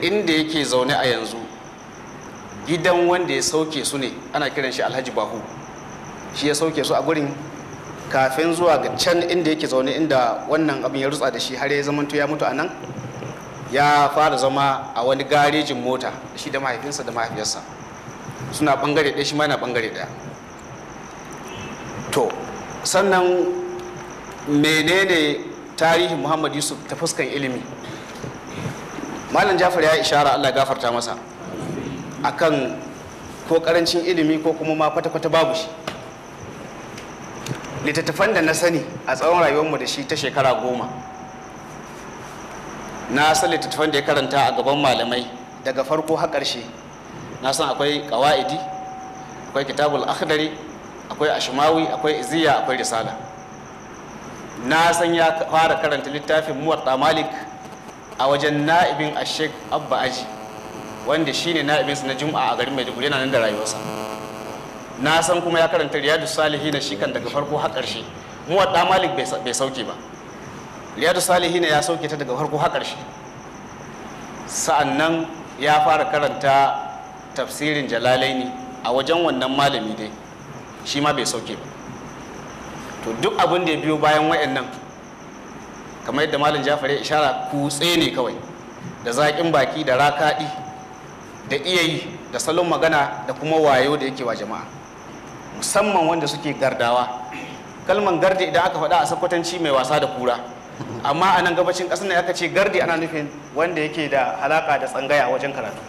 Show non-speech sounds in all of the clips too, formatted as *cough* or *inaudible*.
inda yake zaune a yanzu gidan wanda ya sauke su ne ana kiran shi alhaji bahu shi ya sauke su a gurin kafin zuwa ga can inda yake zaune inda wannan abin ya rutsa da shi har ya zamanto ya mutu a nan ya fara zama a wani garejin mota shi da mahaifinsa da mahaifiyarsa suna bangare ɗaya shi ma yana bangare ɗaya to sannan menene tarihin muhammad yusuf ta fuskan ilimi malam jafar ya ishara allah gafarta masa akan ko karancin ilimi ko kuma ma kwata-kwata babu shi littattafan da na sani a tsawon rayuwarmu da shi ta shekara goma na san littattafan da ya karanta a gaban malamai daga farko har ƙarshe na san akwai ƙawa'idi akwai kitabul akhdari akwai ashimawi, akwai iziya akwai risala na san ya fara karanta littafin muwatta malik a wajen na'ibin ashek abba aji wanda shine na'ibinsa na juma'a a garin maiduguri yana nan da rayuwarsa na san kuma ya karanta riyadu salihi na shi kan daga farko har ƙarshe muwadda malik bai sauke ba riyadu salihi ya sauke ta daga farko har ƙarshe sa'annan ya fara karanta tafsirin jalalaini a wajen wannan malami dai shi ma bai sauke ba to duk abin da ya biyo bayan wayannan kamar yadda malam jafar ya ishara kutse ne kawai da zaƙin baki da rakaɗi da iyayi da salon magana da kuma wayo da yake wa jama'a musamman wanda suke gardawa kalman gardi idan aka faɗa a sakwatanci mai wasa da kura amma a nan gabacin ƙasar ne aka ce gardi ana nufin wanda yake da halaka da tsangaya wajen karatu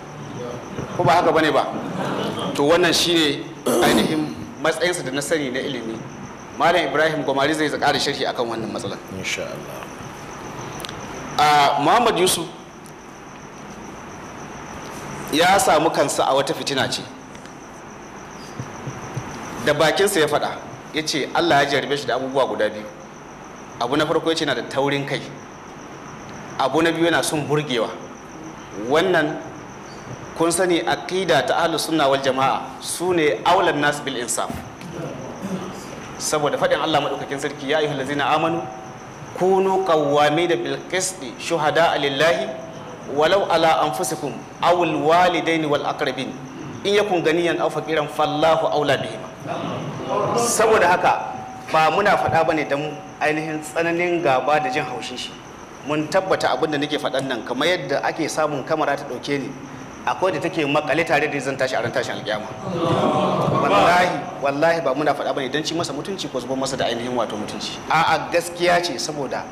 ko ba haka bane ba to wannan shine ainihin matsayinsa da na sani na ilimi malam ibrahim gwamari zai da sharhi akan wannan matsalar a muhammad yusuf ya samu kansa a wata fitina ce da bakinsa ya faɗa ya ce allah ya jarabe shi da abubuwa guda biyu abu na farko ya ce na da taurin kai abu na biyu yana son burgewa wannan kun sani aqida ta ahlus sunna wal jama'a su ne aulan nas bil insaf saboda faɗin allah maɗaukakin sarki ya ayyuhallazina amanu kunu kawwami da bil shuhada shuhada lillahi walau ala anfusikum aw al walidain wal aqrabin in gani yan aufa kiran fallahu aula bihim saboda haka ba muna faɗa ba ne dan ainihin tsananin gaba da jin haushin shi mun tabbata abin da nake faɗan nan kamar yadda ake samun kamara ta ɗauke ni akwai da take makale tare da zan tashi a ran tashin alƙiyama wallahi wallahi ba muna faɗa bane don ci masa mutunci ko zubar masa da ainihin wato mutunci a'a gaskiya ce saboda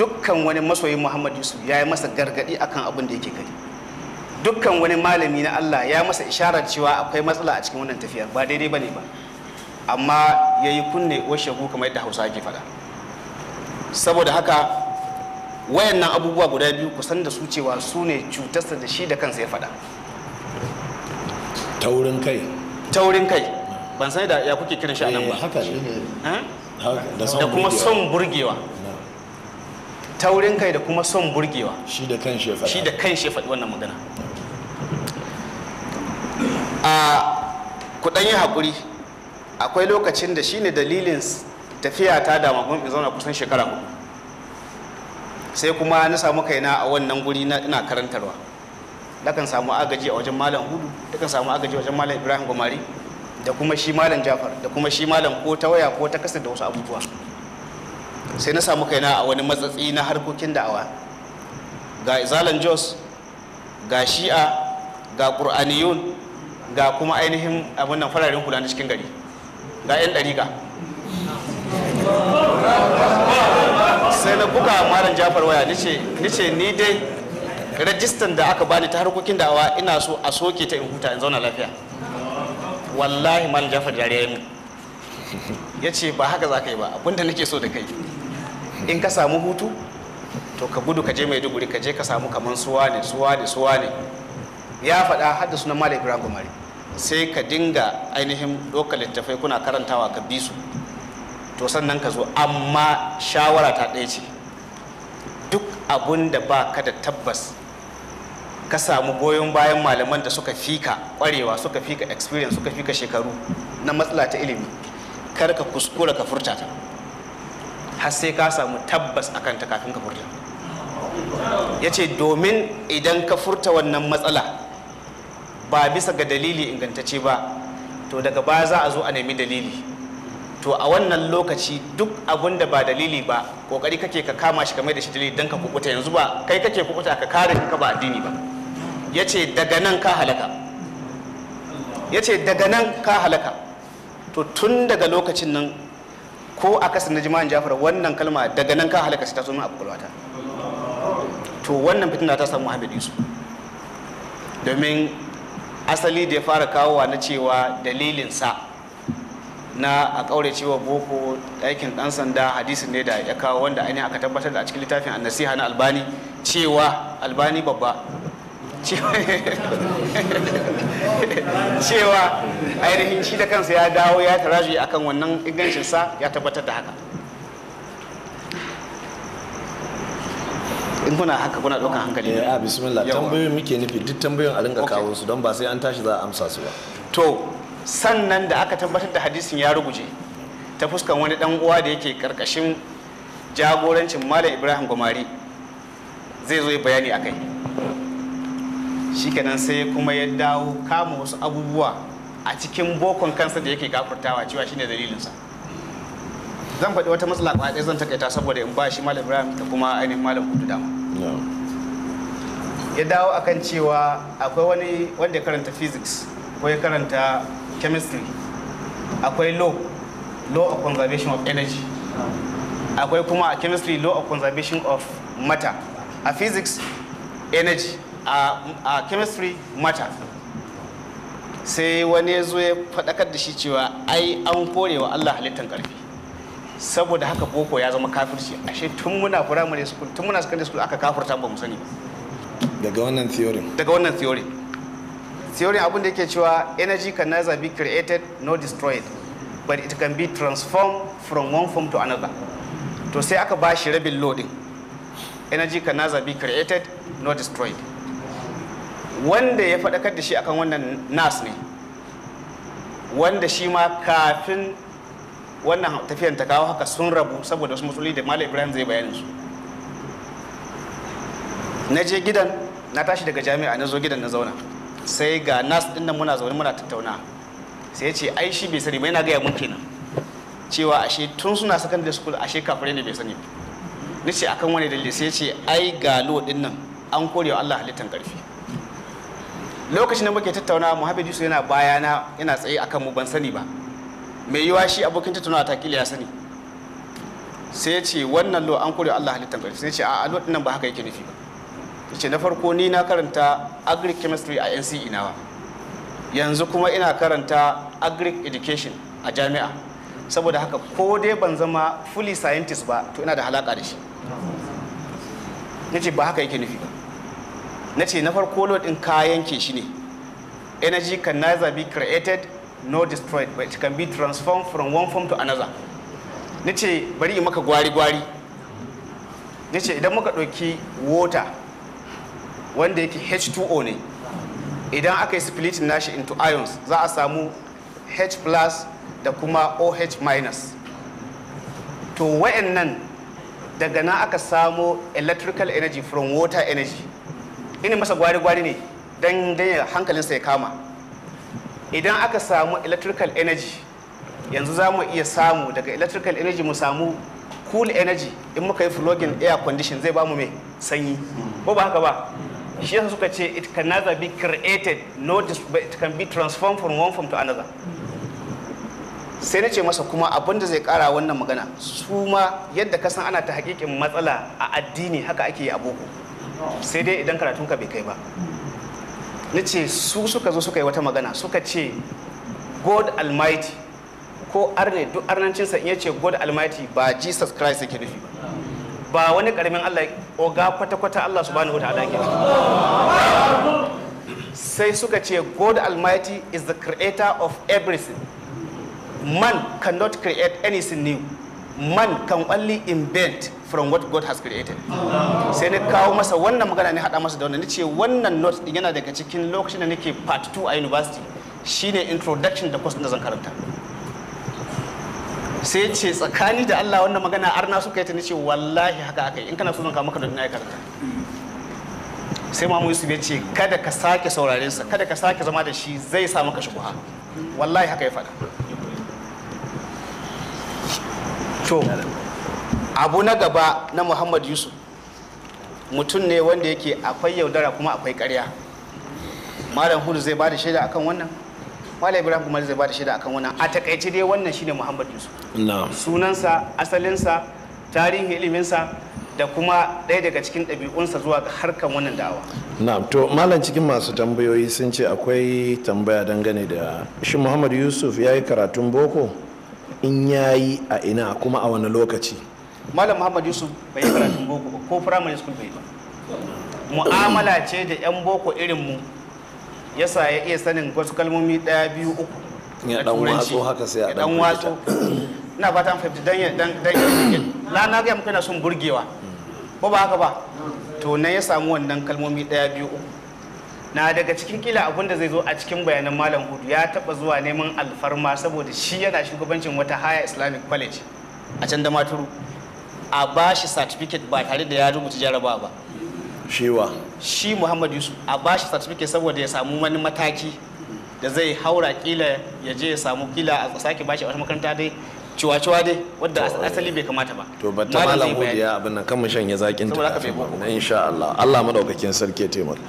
dukkan wani masoyin Muhammad Yusuf ya yi masa gargaɗi akan abin da yake kai dukkan wani malami na Allah ya masa isharar cewa akwai matsala a cikin wannan tafiyar ba daidai bane ba amma ya yi kunne washe kamar yadda Hausa ke faɗa saboda haka wayannan abubuwa guda biyu kusan da su cewa su ne cutarsa da shi da kansa ya faɗa taurin kai taurin kai ban sai da ya kuke kiran shi a nan ba eh, da kuma son burgewa taurin kai da kuma son burgewa shi da kan shi shi da kan shi faɗi wannan magana a ku ɗan yi haƙuri akwai lokacin da shine dalilin tafiya ta dama kuma in zauna kusan shekara hudu sai kuma na samu kaina a wannan guri ina karantarwa kan samu agaji a wajen malam hudu kan samu agaji a wajen malam ibrahim gomari da kuma shi malam jafar da kuma shi malam ko ta waya ko ta kasa da wasu abubuwa sai na samu kaina a wani matsatsi na harkokin da'awa ga izalan jos ga shi'a ga ƙur'aniyun ga kuma ainihin abin fararen hula na cikin gari ga 'yan ɗariƙa sai na buga malam jafar waya nace ni dai rajistan da aka bani ta harkokin dawa ina so a soke ta in huta in zauna lafiya wallahi malam jafar jariya ne *laughs* ya ce ba haka za ka yi ba abinda nake so da kai in ka samu hutu to ka gudu ka je mai duguri ka je ka samu kamar suwa ne suwa ne suwa ne ya faɗa hadda sunan malam ibrahim gomari sai ka dinga ainihin ɗaukar littafai kuna karantawa ka bi su to sannan ka zo amma shawara ta ɗaya ce duk abun da ba ka da tabbas ka samu goyon bayan malaman da suka fika kwarewa suka fika experience suka fika shekaru na matsala ta ilimi kar ka kuskura ka furta ta har sai ka samu tabbas akan ta kafin ka furta ya ce domin idan ka furta wannan matsala ba bisa ga dalili ingantacce ba to daga baya za a zo a nemi dalili to a wannan lokaci duk abun da ba dalili ba kokari kake ka kama shi kamar da shi dalili don ka kukuta yanzu ba kai kake kukuta ka kare ka ba addini ba ce daga nan ka halaka ce daga nan ka halaka to tun daga lokacin nan ko a kasar na jima'an jafar wannan kalma daga nan ka halaka ta zo min a kwakwalwata to wannan fitina ta samu hamid Yusuf domin asali da ya fara kawowa na cewa dalilinsa na a kaure cewa boko aikin dan sanda hadisi ne da ya kawo wanda ainihin aka tabbatar da a cikin littafin annasiha na albani cewa albani babba cewa *laughs* ainihin shi da kansa ya dawo ya taraji akan wannan ingancinsa ya tabbatar da haka in kuna haka kuna ɗaukar hankali ne eh, a bismillah tambayoyin muke nufi duk tambayoyin a ringa kawo su don ba sai an tashi za a amsa su ba to sannan da aka tabbatar da hadisin ya ruguje ta fuskan wani dan uwa da yake karkashin jagorancin malam ibrahim gwamari zai zo bayani a akai shikenan sai kuma ya dawo kama wasu abubuwa a cikin bokon kansa da yake gafurtawa cewa shine dalilinsa zan faɗi wata matsala ba zan takaita saboda in ba shi malam ibrahim da kuma ainihin malam kudu dama ya dawo akan cewa akwai wani wanda ya karanta physics ko ya karanta chemistry akwai law law of conservation of energy akwai kuma a chemistry law of conservation of matter a physics energy a chemistry matter sai wani ya zo ya faɗakar da shi cewa ai an kore wa Allah halittar ƙarfi saboda haka boko ya zama kafirci ashe tun muna primary school tun muna secondary school aka kafirta ba mu sani daga wannan theory daga wannan theory theory abin da yake cewa energy can neither be created nor destroyed but it can be transformed from one form to another to sai aka ba shi rabin loading energy can neither be created nor destroyed wanda ya faɗakar da shi akan wannan nas ne wanda shi ma kafin wannan tafiyar ta kawo haka sun rabu saboda wasu matsaloli da malam ibrahim zai bayanin su na je gidan na tashi daga jami'a na zo gidan na zauna sai ga nas din nan muna zaune muna tattauna sai ce ai shi bai sani ba yana gaya mun kenan cewa ashe tun suna secondary school ashe kafare ne bai sani ni ce akan wani dalili sai ce ai ga lo din nan an korewa Allah halittan karfi lokacin da muke tattauna Muhammad Yusuf yana bayana yana tsaye akan mu ban sani ba mai yiwa shi abokin tattaunawa ta kila ya sani sai ce wannan lo an korewa Allah halittan karfi sai ce a lo din nan ba haka yake nufi ba ce na farko ni na karanta agri-chemistry a nce nawa yanzu kuma ina karanta agri-education a jami'a saboda haka ko dai ban zama fully scientist ba to ina da halaka da shi na ce ba haka yake nufi ba na ce na farko load kayan ke shi ne energy can neither be created nor destroyed but it can be transformed from one form to another na ce bari in maka gwari-gwari na ce idan muka ɗauki water wanda yake h2o ne idan aka yi splitting nashi into ions za a samu h plus da kuma oh minus to wayannan daga na aka samu electrical energy from water energy ini masa gwari-gwari ne don hankalinsa ya kama idan aka samu electrical energy yanzu za mu iya samu daga electrical energy mu samu cool energy in muka yi flogging air condition zai ba mu mai sanyi ko ba haka ba shi yasa suka ce it can neither be created nor but it can be transformed from one form to another sai na ce masa kuma abinda zai kara wannan magana su ma yadda kasan ana ta hakikin matsala a addini haka ake yi a boko sai dai idan karatun ka bai kai ba na ce su suka zo suka yi wata magana suka ce god almighty ko arne duk arnancinsa in ya ce god almighty ba jesus christ yake nufi ba ba wani karamin Allah oga kwata-kwata Allah subhanahu wa ta'ala ke sai suka ce God Almighty is the creator of everything man cannot create anything new man can only invent from what God has created sai na kawo masa wannan magana ne hada masa da wannan ce wannan note yana daga cikin lokacin da nake part 2 a university shine introduction da course da zan karanta sai ce tsakani da Allah wannan magana arna suka yi ta nace wallahi haka aka yi in kana so zan kawo maka domin ai karanta sai mamu yusuf ya ce kada ka sake sauraren sa kada ka sake zama da shi zai sa maka shubha wallahi haka ya faɗa to abu na gaba na muhammad yusuf mutum ne wanda yake akwai yaudara kuma akwai karya malam hudu zai ba da shaida akan wannan malam ibrahim kuma zai bada shida akan wannan a takaice dai wannan shine muhammad yusuf sunansa asalinsa tarihin iliminsa da kuma ɗaya daga cikin ɗabi'unsa zuwa ga harkan wannan da'awa na'am to malam cikin masu tambayoyi sun ce akwai tambaya dangane da shi muhammad yusuf ya yi karatun boko in ya yi a ina kuma a wani lokaci malam muhammad yusuf bai yi karatun boko ko firamare school bai ba mu'amala ce da 'yan boko irin mu yasa ya iya sanin wasu kalmomi ɗaya biyu uku ya dan watso haka sai a dan ina fata an fahimci dan dan dan la na ga muka na son burgewa ba ba haka ba to nan ya samu wannan kalmomi ɗaya biyu uku na daga cikin kila abin da zai zo a cikin bayanan malam hudu ya taba zuwa neman alfarma saboda shi yana shugabancin wata haya islamic college a can da maturu a ba shi certificate ba tare da ya rubuta jarabawa ba shiwa shi muhammad yusuf a ba shi certificate saboda ya samu wani mataki da zai haura kila ya je ya samu kila a sake shi a wata makaranta dai ciwa-ciwa dai wadda asali bai kamata ba to ba ta malam godiya abin nan kan shan ya zakin ta insha Allah Allah madaukakin sarki ya taimaka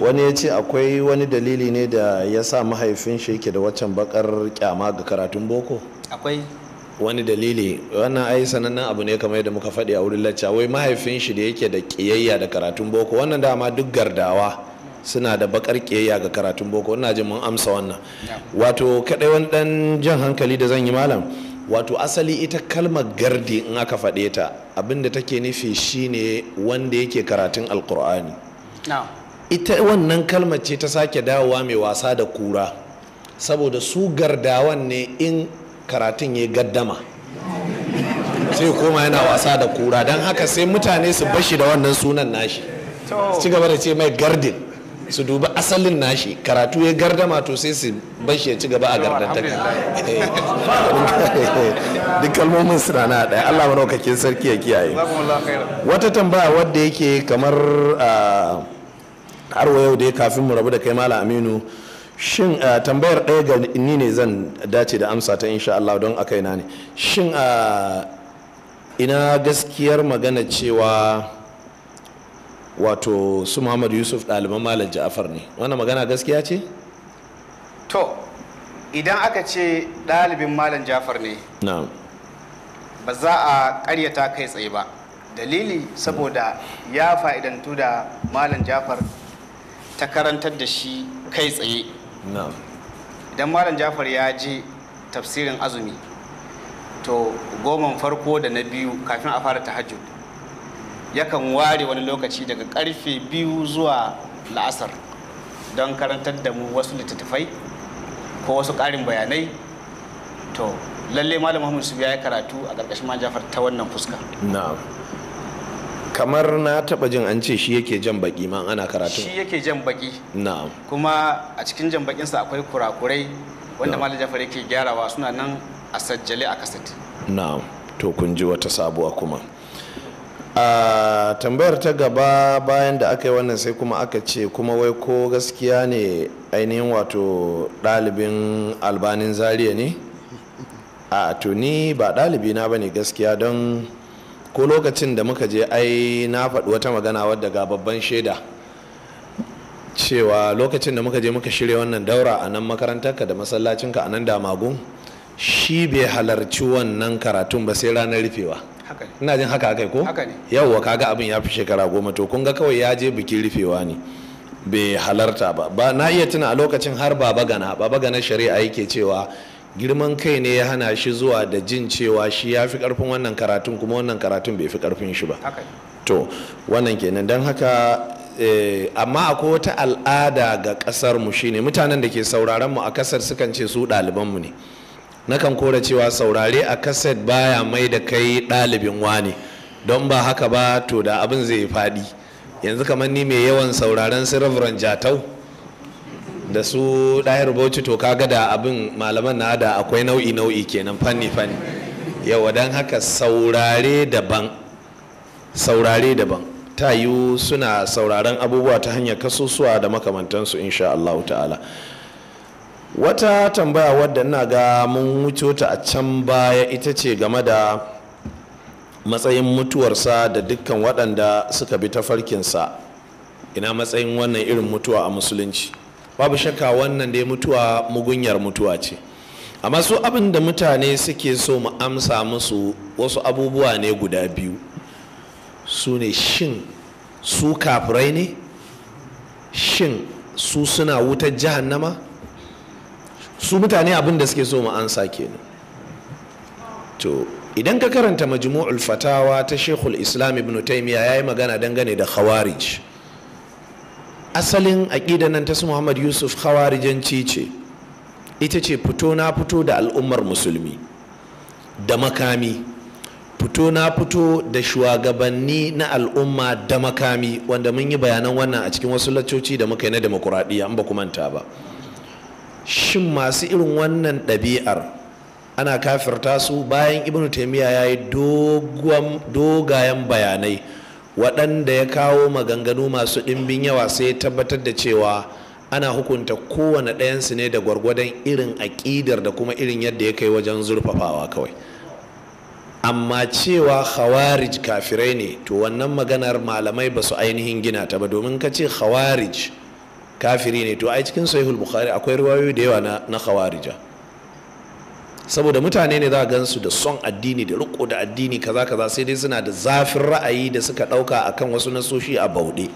wani ya ce akwai wani dalili ne da ya sa mahaifin shi yake da waccan bakar kyama ga karatun boko akwai wani dalili wannan ai sanannen abu ne kamar yadda muka faɗi a wurin lacca wai mahaifin shi da yake da ƙiyayya da karatun boko wannan dama duk gardawa suna da bakar ƙiyayya ga karatun boko ina jin mun amsa wannan wato kaɗai wani ɗan jan hankali da zan yi malam wato asali ita kalmar gardi in aka faɗe ta abinda take nufi shine wanda yake karatun alkur'ani ita wannan kalmar ce ta sake dawowa mai wasa da kura saboda su gardawan ne in karatun ya gaddama sai koma yana wasa da kura don haka sai mutane su bashi da wannan sunan nashi ci gaba da ce mai gardin su dubi asalin nashi karatu ya gardama to sai su bashi ya ci gaba a ta. Eh. *laughs* duk kalmomin suna na ɗaya allah manaukakin sarki ya kiyaye wata tambaya wadda yake kamar ah, har yau da ya kafin mu rabu da kai malam aminu shin uh, tambayar ɗaya ga ni ne zan dace da amsa ta insha Allah don aka na ne shin uh, ina gaskiyar magana cewa wato su Muhammad Yusuf ɗaliban Malam Ja'afar ne wannan magana gaskiya ce to idan aka ce ɗalibin Malam Ja'afar ne ba za a ƙaryata kai tsaye ba dalili saboda ya fa'idantu da Malam Ja'afar ta karantar da shi kai tsaye idan malam jafar ya ji tafsirin azumi to goman farko da na biyu kafin a fara tahajjud yakan ware wani lokaci daga karfe biyu zuwa la'asar don karantar da mu wasu littattafai ko wasu ƙarin bayanai to lalle malam muhammadu su ya karatu a ƙarƙashin malam jafar ta wannan fuska kamar na taba jin an ce shi yake jan baki ma ana karatu shi yake jan baki na'am kuma a cikin jan bakin sa akwai kurakurai wanda malam Jafar yake gyarawa suna nan a sajjale a kasati na'am to kun ji wata sabuwa kuma a tambayar ta gaba bayan da aka yi wannan sai kuma aka ce kuma wai ko gaskiya ne ainihin wato ɗalibin albanin zaria ne a to ni ba ɗalibi na bane gaskiya don ko lokacin da muka je ai na faɗi wata magana wadda ga babban shaida cewa lokacin da muka je muka shirya wannan daura a nan makarantarka da masallacinka a nan damagun shi bai halarci wannan karatun ba sai ranar rufewa ina jin haka akai ko wa kaga abin ya fi shekara goma to kun ga kawai ya je bikin rufewa ne bai halarta ba na iya tuna a lokacin har baba gana baba gana shari'a yake cewa girman kai ne ya hana shi zuwa da jin cewa shi ya fi karfin wannan karatun kuma wannan karatun bai fi karfin shi ba to wannan kenan don haka eh, amma akwai wata al'ada ga kasar mu shine mutanen da ke sauraron mu a kasar sukan ce su ɗaliban mu ne nakan kora cewa saurare a kaset baya mai da kai ɗalibin wani don ba haka ba to da abin zai faɗi yanzu kamar ni mai yawan sauraren su jatau da su ɗahir bauchi to kaga da abin malaman na da akwai nau'i nau'i kenan fanni fanni yau don haka saurare daban saurare daban ta yi suna sauraron abubuwa ta hanyar kasusuwa da makamantansu insha Allah ta'ala wata tambaya wadda ina ga mun wuce ta a can baya ita ce game da matsayin mutuwarsa da dukkan waɗanda suka bi ta farkinsa ina matsayin wannan irin mutuwa a musulunci babu shakka wannan dai mutuwa mugunyar mutuwa ce amma su abin da mutane suke so mu amsa musu wasu abubuwa ne guda biyu su ne shin su kafirai ne shin su suna wutar jahannama su mutane abin da suke so mu amsa kenan to idan ka karanta majmu'ul fatawa ta shekul islam ibn taymiya yi magana dangane da khawarij asalin aƙida nan ta su muhammad yusuf hawarijanci ce ita ce fito na fito da al'ummar musulmi da makami fito na fito da shugabanni na al'umma da makami wanda mun yi bayanan wannan a cikin wasu laccoci da muka yi na demokuraɗiyya an ba ku manta ba shin masu irin wannan ɗabi'ar ana kafirta su bayan ibnu taimiyya ya yi dogayen bayanai waɗanda ya kawo maganganu masu ɗimbin yawa sai ya tabbatar da cewa ana hukunta kowane ɗayansu ne da gwargwadon irin aƙidar da kuma irin yadda ya kai wajen zurfafawa kawai amma cewa khawarij kafirai ne to wannan maganar malamai ba su ainihin gina ta ba domin ka ce khawarij kafiri ne to ai cikin sahihul bukhari akwai riwayoyi da yawa na khawarija saboda mutane ne za a gansu da son addini da riko da addini kaza kaza sai dai suna da zafin ra'ayi da suka ɗauka akan wasu nasoshi a bauɗe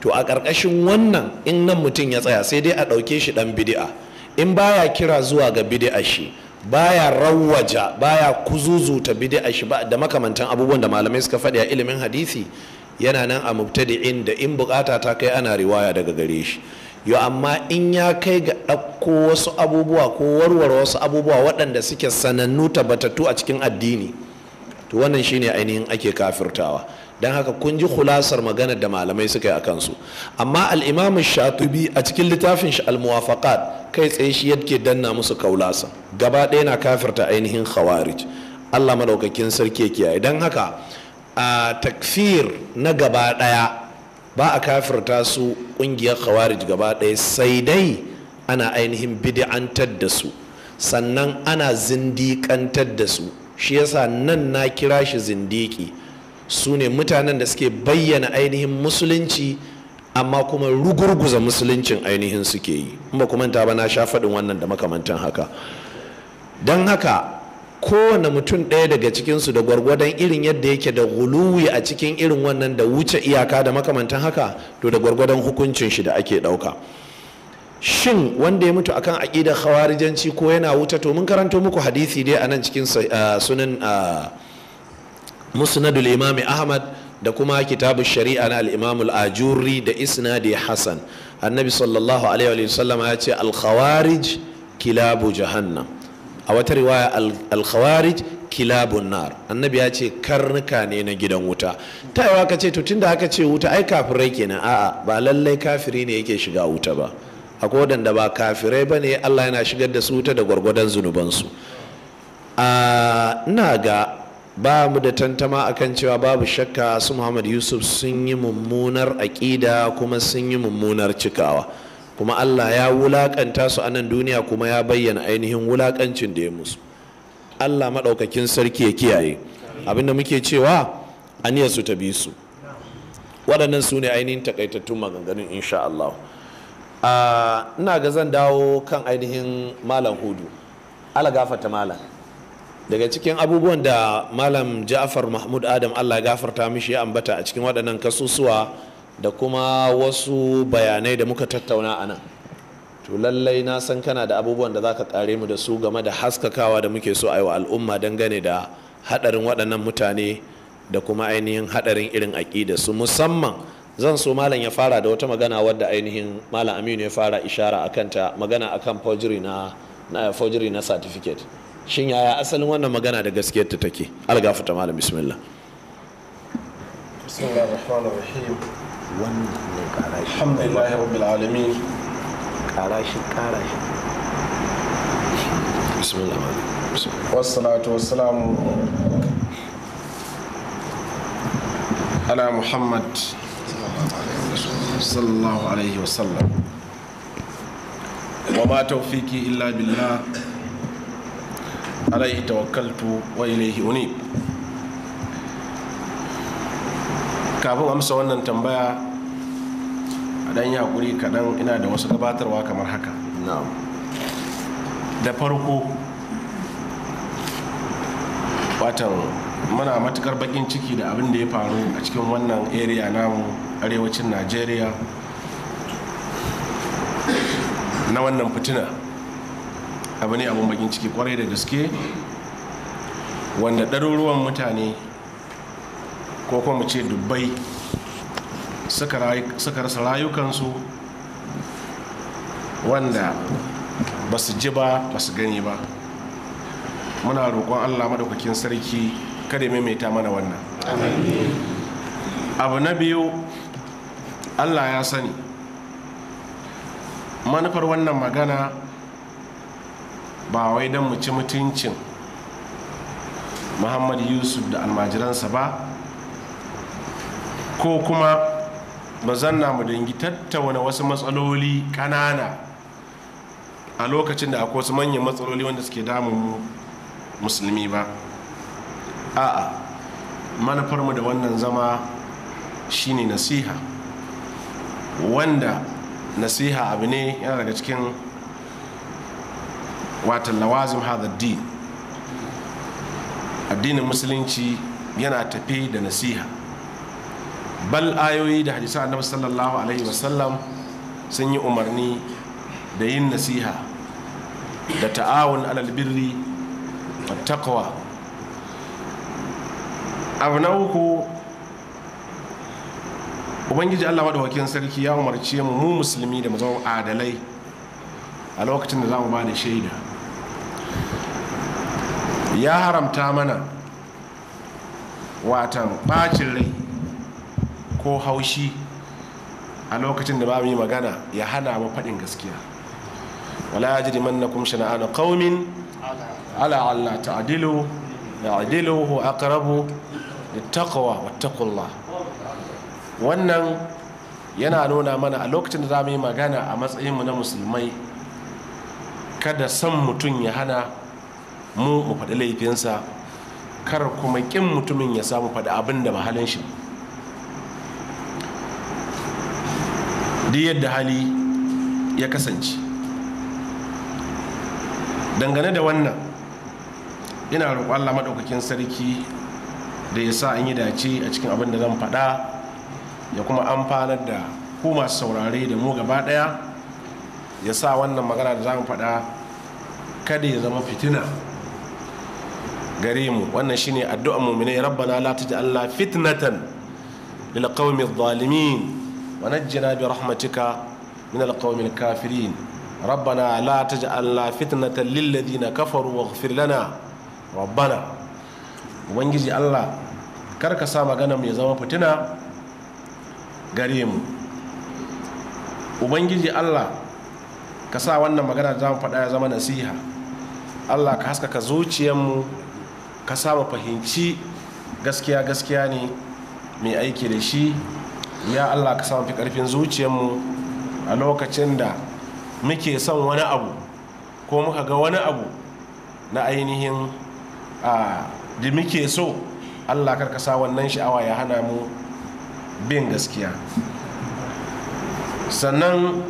to a ƙarƙashin wannan in nan mutum ya tsaya sai dai a ɗauke shi ɗan bidi'a in baya kira zuwa ga bidi'a shi baya rawaja baya kuzuzuta bidi'a shi ba da makamantan abubuwan da malamai suka faɗi a ilimin hadisi yana nan a mubtadi'in da in bukata ta kai ana riwaya daga gare shi yo amma in ya kai ga ɗauko wasu abubuwa ko warware wasu abubuwa waɗanda suke sanannu tabbatattu a cikin addini to wannan shine ainihin ake kafirtawa don haka kun ji hulasar maganar da malamai suka yi a kansu amma al'imamin shatubi a cikin littafin shi almuwafaqat kai tsaye shi yadda ke danna musu kaulasa gaba ɗaya na kafirta ainihin khawarij allah madaukakin sarki ya kiyaye don haka a takfir na gaba ɗaya ba a kafirta su ƙungiyar khawarij gaba ɗaya sai dai ana ainihin bid'antar da su sannan ana zindiƙantar da su shi yasa nan na kira shi zindiki su ne mutanen da suke bayyana ainihin musulunci amma kuma rugurguza musuluncin ainihin suke yi kuma ba kuma ta ba na sha faɗin wannan da makamantan haka don haka kowane mutum ɗaya daga cikinsu da gwargwadon irin yadda yake da guluwi a cikin irin wannan da wuce iyaka da makamantan haka to da gwargwadon hukuncin shi da ake ɗauka shin wanda ya mutu akan aƙidar khawarijanci ko yana wuta to mun karanto muku hadisi dai a nan cikin sunan musnadul imami ahmad da kuma kitabu shari'a na al'imamul ajuri da isnadi hassan annabi sallallahu alaihi wa sallam ya ce al-khawarij kilabu jahannam a wata riwaya alkhawarij kilabun nar annabi ya ce karnuka ne na gidan wuta ta yawa ka ce to tunda aka ce wuta ai kafirai kenan a'a ba lallai kafiri ne yake shiga wuta ba a wadanda ba kafirai ba ne allah yana shigar da su wuta da gwargwadon zunubansu a ina ga ba mu da tantama akan cewa babu shakka su muhammad yusuf sun yi mummunar aƙida kuma sun yi mummunar cikawa kuma Allah ya wulakanta su a nan duniya kuma ya bayyana ainihin wulakancin da ya musu Allah maɗaukakin sarki ya kiyaye abinda muke cewa su ta bi su waɗannan su ne ainihin takaitattun maganganun insha Allah ina ga zan dawo kan ainihin malam hudu ala gafarta malam daga cikin abubuwan da malam ja'far mahmud adam allah gafarta mishi ya ambata a cikin waɗannan kasusuwa da kuma wasu bayanai da muka tattauna a nan to lallai na san kana da abubuwan da za ka kare mu da su game da haskakawa da muke so a yi wa al'umma dangane da haɗarin waɗannan mutane da kuma ainihin haɗarin irin aƙida su musamman zan so malam ya fara da wata magana wadda ainihin malam aminu ya fara ishara a kanta magana kan forgery na na forgery na certificate shin yaya asalin wannan magana da gaskiyar ta take algafa ta malam bismillah wannan ne kara shi alhamdulillahi rabbil alamin kara shi kara shi bismillah wassalatu wassalamu ala muhammad sallallahu alaihi wasallam wa ma tawfiki illa billah alaihi tawakkaltu wa ilaihi unib kafin amsa wannan tambaya a ɗan yaƙuri kaɗan ina da wasu gabatarwa kamar haka da farko watan muna matukar bakin ciki da abin da ya faru a cikin wannan area namu arewacin najeriya na wannan fitina abu ne abin bakin ciki kwarai da gaske wanda ɗaruruwan mutane ko kuma mu ce dubbai suka rasa rayukansu wanda ba su ji ba ba su gani ba muna roƙon allah maɗaukakin sarki kada ya maimaita mana wannan abu na biyu allah ya sani manufar wannan magana ba wai don mu ci mutuncin muhammad yusuf da almajiransa ba ko kuma ba zanna mu dangi tattauna wasu matsaloli kanana a lokacin da akwai wasu manyan matsaloli wanda suke damun musulmi ba a'a manufarmu da wannan zama shine nasiha wanda nasiha abu ne yana daga cikin watan lawazim addinin musulunci yana tafi da nasiha bal ayoyi da hadisan annabi sallallahu alaihi wasallam sun yi umarni da yin nasiha da ta'awun alal birri wa taqwa abu na uku ubangiji allah madawakin sarki ya umarci mu mu musulmi da mu zama adalai a lokacin da za mu ba da shaida ya haramta mana watan bacin rai ko haushi a lokacin da ba yi magana ya hana mu faɗin gaskiya wala ya ji yajrimannakum shana'ana qaumin ala ko ta'dilu ya'dilu da aqrabu littaqwa wattaqullah wannan yana nuna mana a lokacin da za mu yi magana a matsayin mu na musulmai kada san mutum ya hana mu mu faɗi laifinsa kar kuma ƙin mutumin ya samu faɗi abin da mahalin shi duk yadda hali ya kasance dangane da wannan ina roƙon Allah maɗaukakin sarki da ya sa an yi dace a cikin abin da zan faɗa ya kuma amfanar da kuma saurare da mu gaba ɗaya ya sa wannan magana da za faɗa kada ya zama fitina gare mu wannan shine addu'ar mu'minai rabbana la Allah fitnatan lil qaumi adh-dhalimin ونجنا برحمتك من القوم الكافرين ربنا لا تجعلنا فتنة للذين كفروا واغفر لنا ربنا ubangiji Allah kar ka sa magana mai zama fitina gare mu ubangiji Allah ka sa wannan magana da mu faɗa ya zama nasiha Allah ka haskaka zuciyarmu ka sa mu fahimci gaskiya gaskiya ne mai aiki da shi ya allah ka samu fi karfin zuciyarmu a lokacin da muke son wani abu ko muka ga wani abu na ainihin da muke so allah karkasa wannan sha'awa ya hana mu bin gaskiya sannan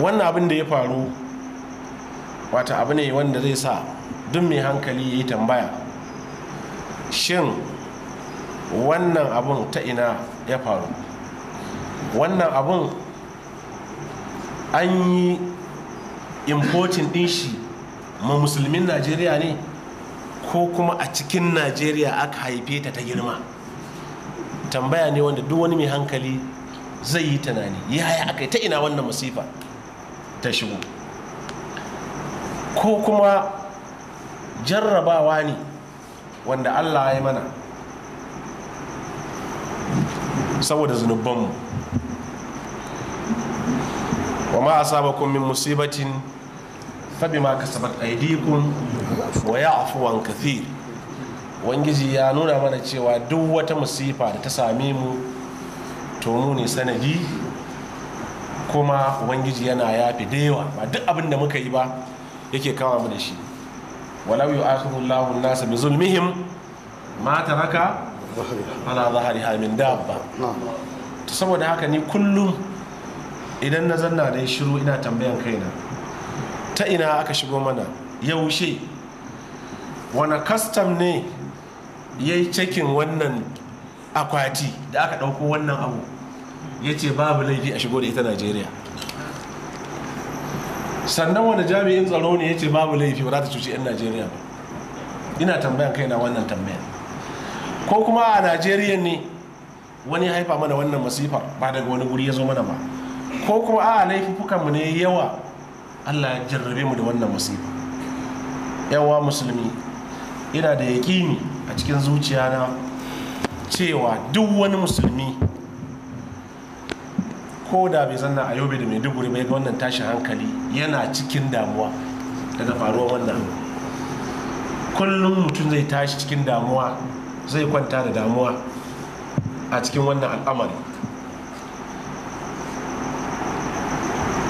wannan abin da ya faru wata abu ne wanda zai sa duk mai hankali ya yi tambaya shin wannan abun ta ina ya faru wannan abun an yi importin din shi ma musulmin najeriya ne ko kuma a cikin najeriya aka haife ta ta girma tambaya ne wanda duk wani mai hankali zai yi tunani yaya aka ta ina wannan masifa ta shigo ko kuma jarrabawa ne wanda allah ya mana saboda zunubanmu wa ma saba min musibatin fabima kasabat aydikum wa ya'fu an kathir wangiji ya nuna mana cewa duk wata musifa da ta same mu to mu ne sanadi kuma wangiji yana yafi da yawa ba duk abin da muka yi ba yake kama mu da shi walau yu'akhidullahu an-nasa bi zulmihim ma taraka ala zahariha min dabba to saboda haka ni kullum idan na zanna da shiru ina tambayan kaina ta ina aka shigo mana yaushe wani kastam ne ya yi cikin wannan akwati da aka ɗauko wannan abu ya ce babu laifi a shigo da ita najeriya sannan wani jami'in tsaro ne ya ce babu laifi ba za ta cuci 'yan najeriya ba ina tambayan kaina wannan tambayan ko kuma a najeriya ne wani haifa mana wannan masifar ba daga wani guri ya zo mana ba ko kuma a laifukanmu ne yawa allah ya jarrabe mu da wannan masifa yawa musulmi yana da yaƙini a cikin zuciya na cewa duk wani musulmi ko da bai zanna a yobe da maiduguri bai ga wannan tashin hankali yana cikin damuwa daga faruwar wannan kullum mutum zai tashi cikin damuwa zai kwanta da damuwa a cikin wannan al'amari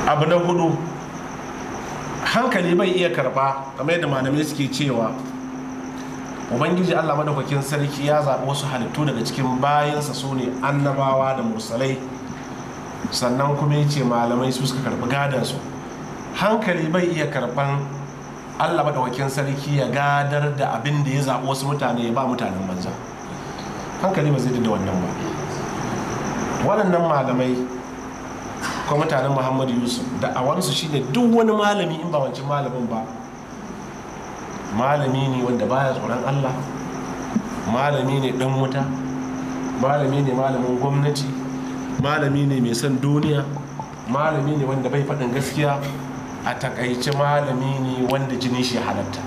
abu na hudu hankali bai iya karba kamar yadda malamai suke cewa ubangiji allah madaukakin sarki ya zaɓi wasu halittu daga cikin bayansa su ne annabawa da mursalai sannan kuma ya ce malamai su suka karɓi gadansu hankali bai iya karɓan Allah madawakin sarki ya gadar da abin da ya zaɓi wasu mutane ya ba mutanen banza hankali ba zai da wannan ba waɗannan malamai ko mutanen muhammadu yusuf da shi shine duk wani malami in ba wancan malamin ba malami ne wanda baya tsoron allah malami ne dan wuta malami ne malamin gwamnati malami ne mai son duniya malami ne wanda bai faɗin gaskiya a takaice malami ne wanda jini shi halatta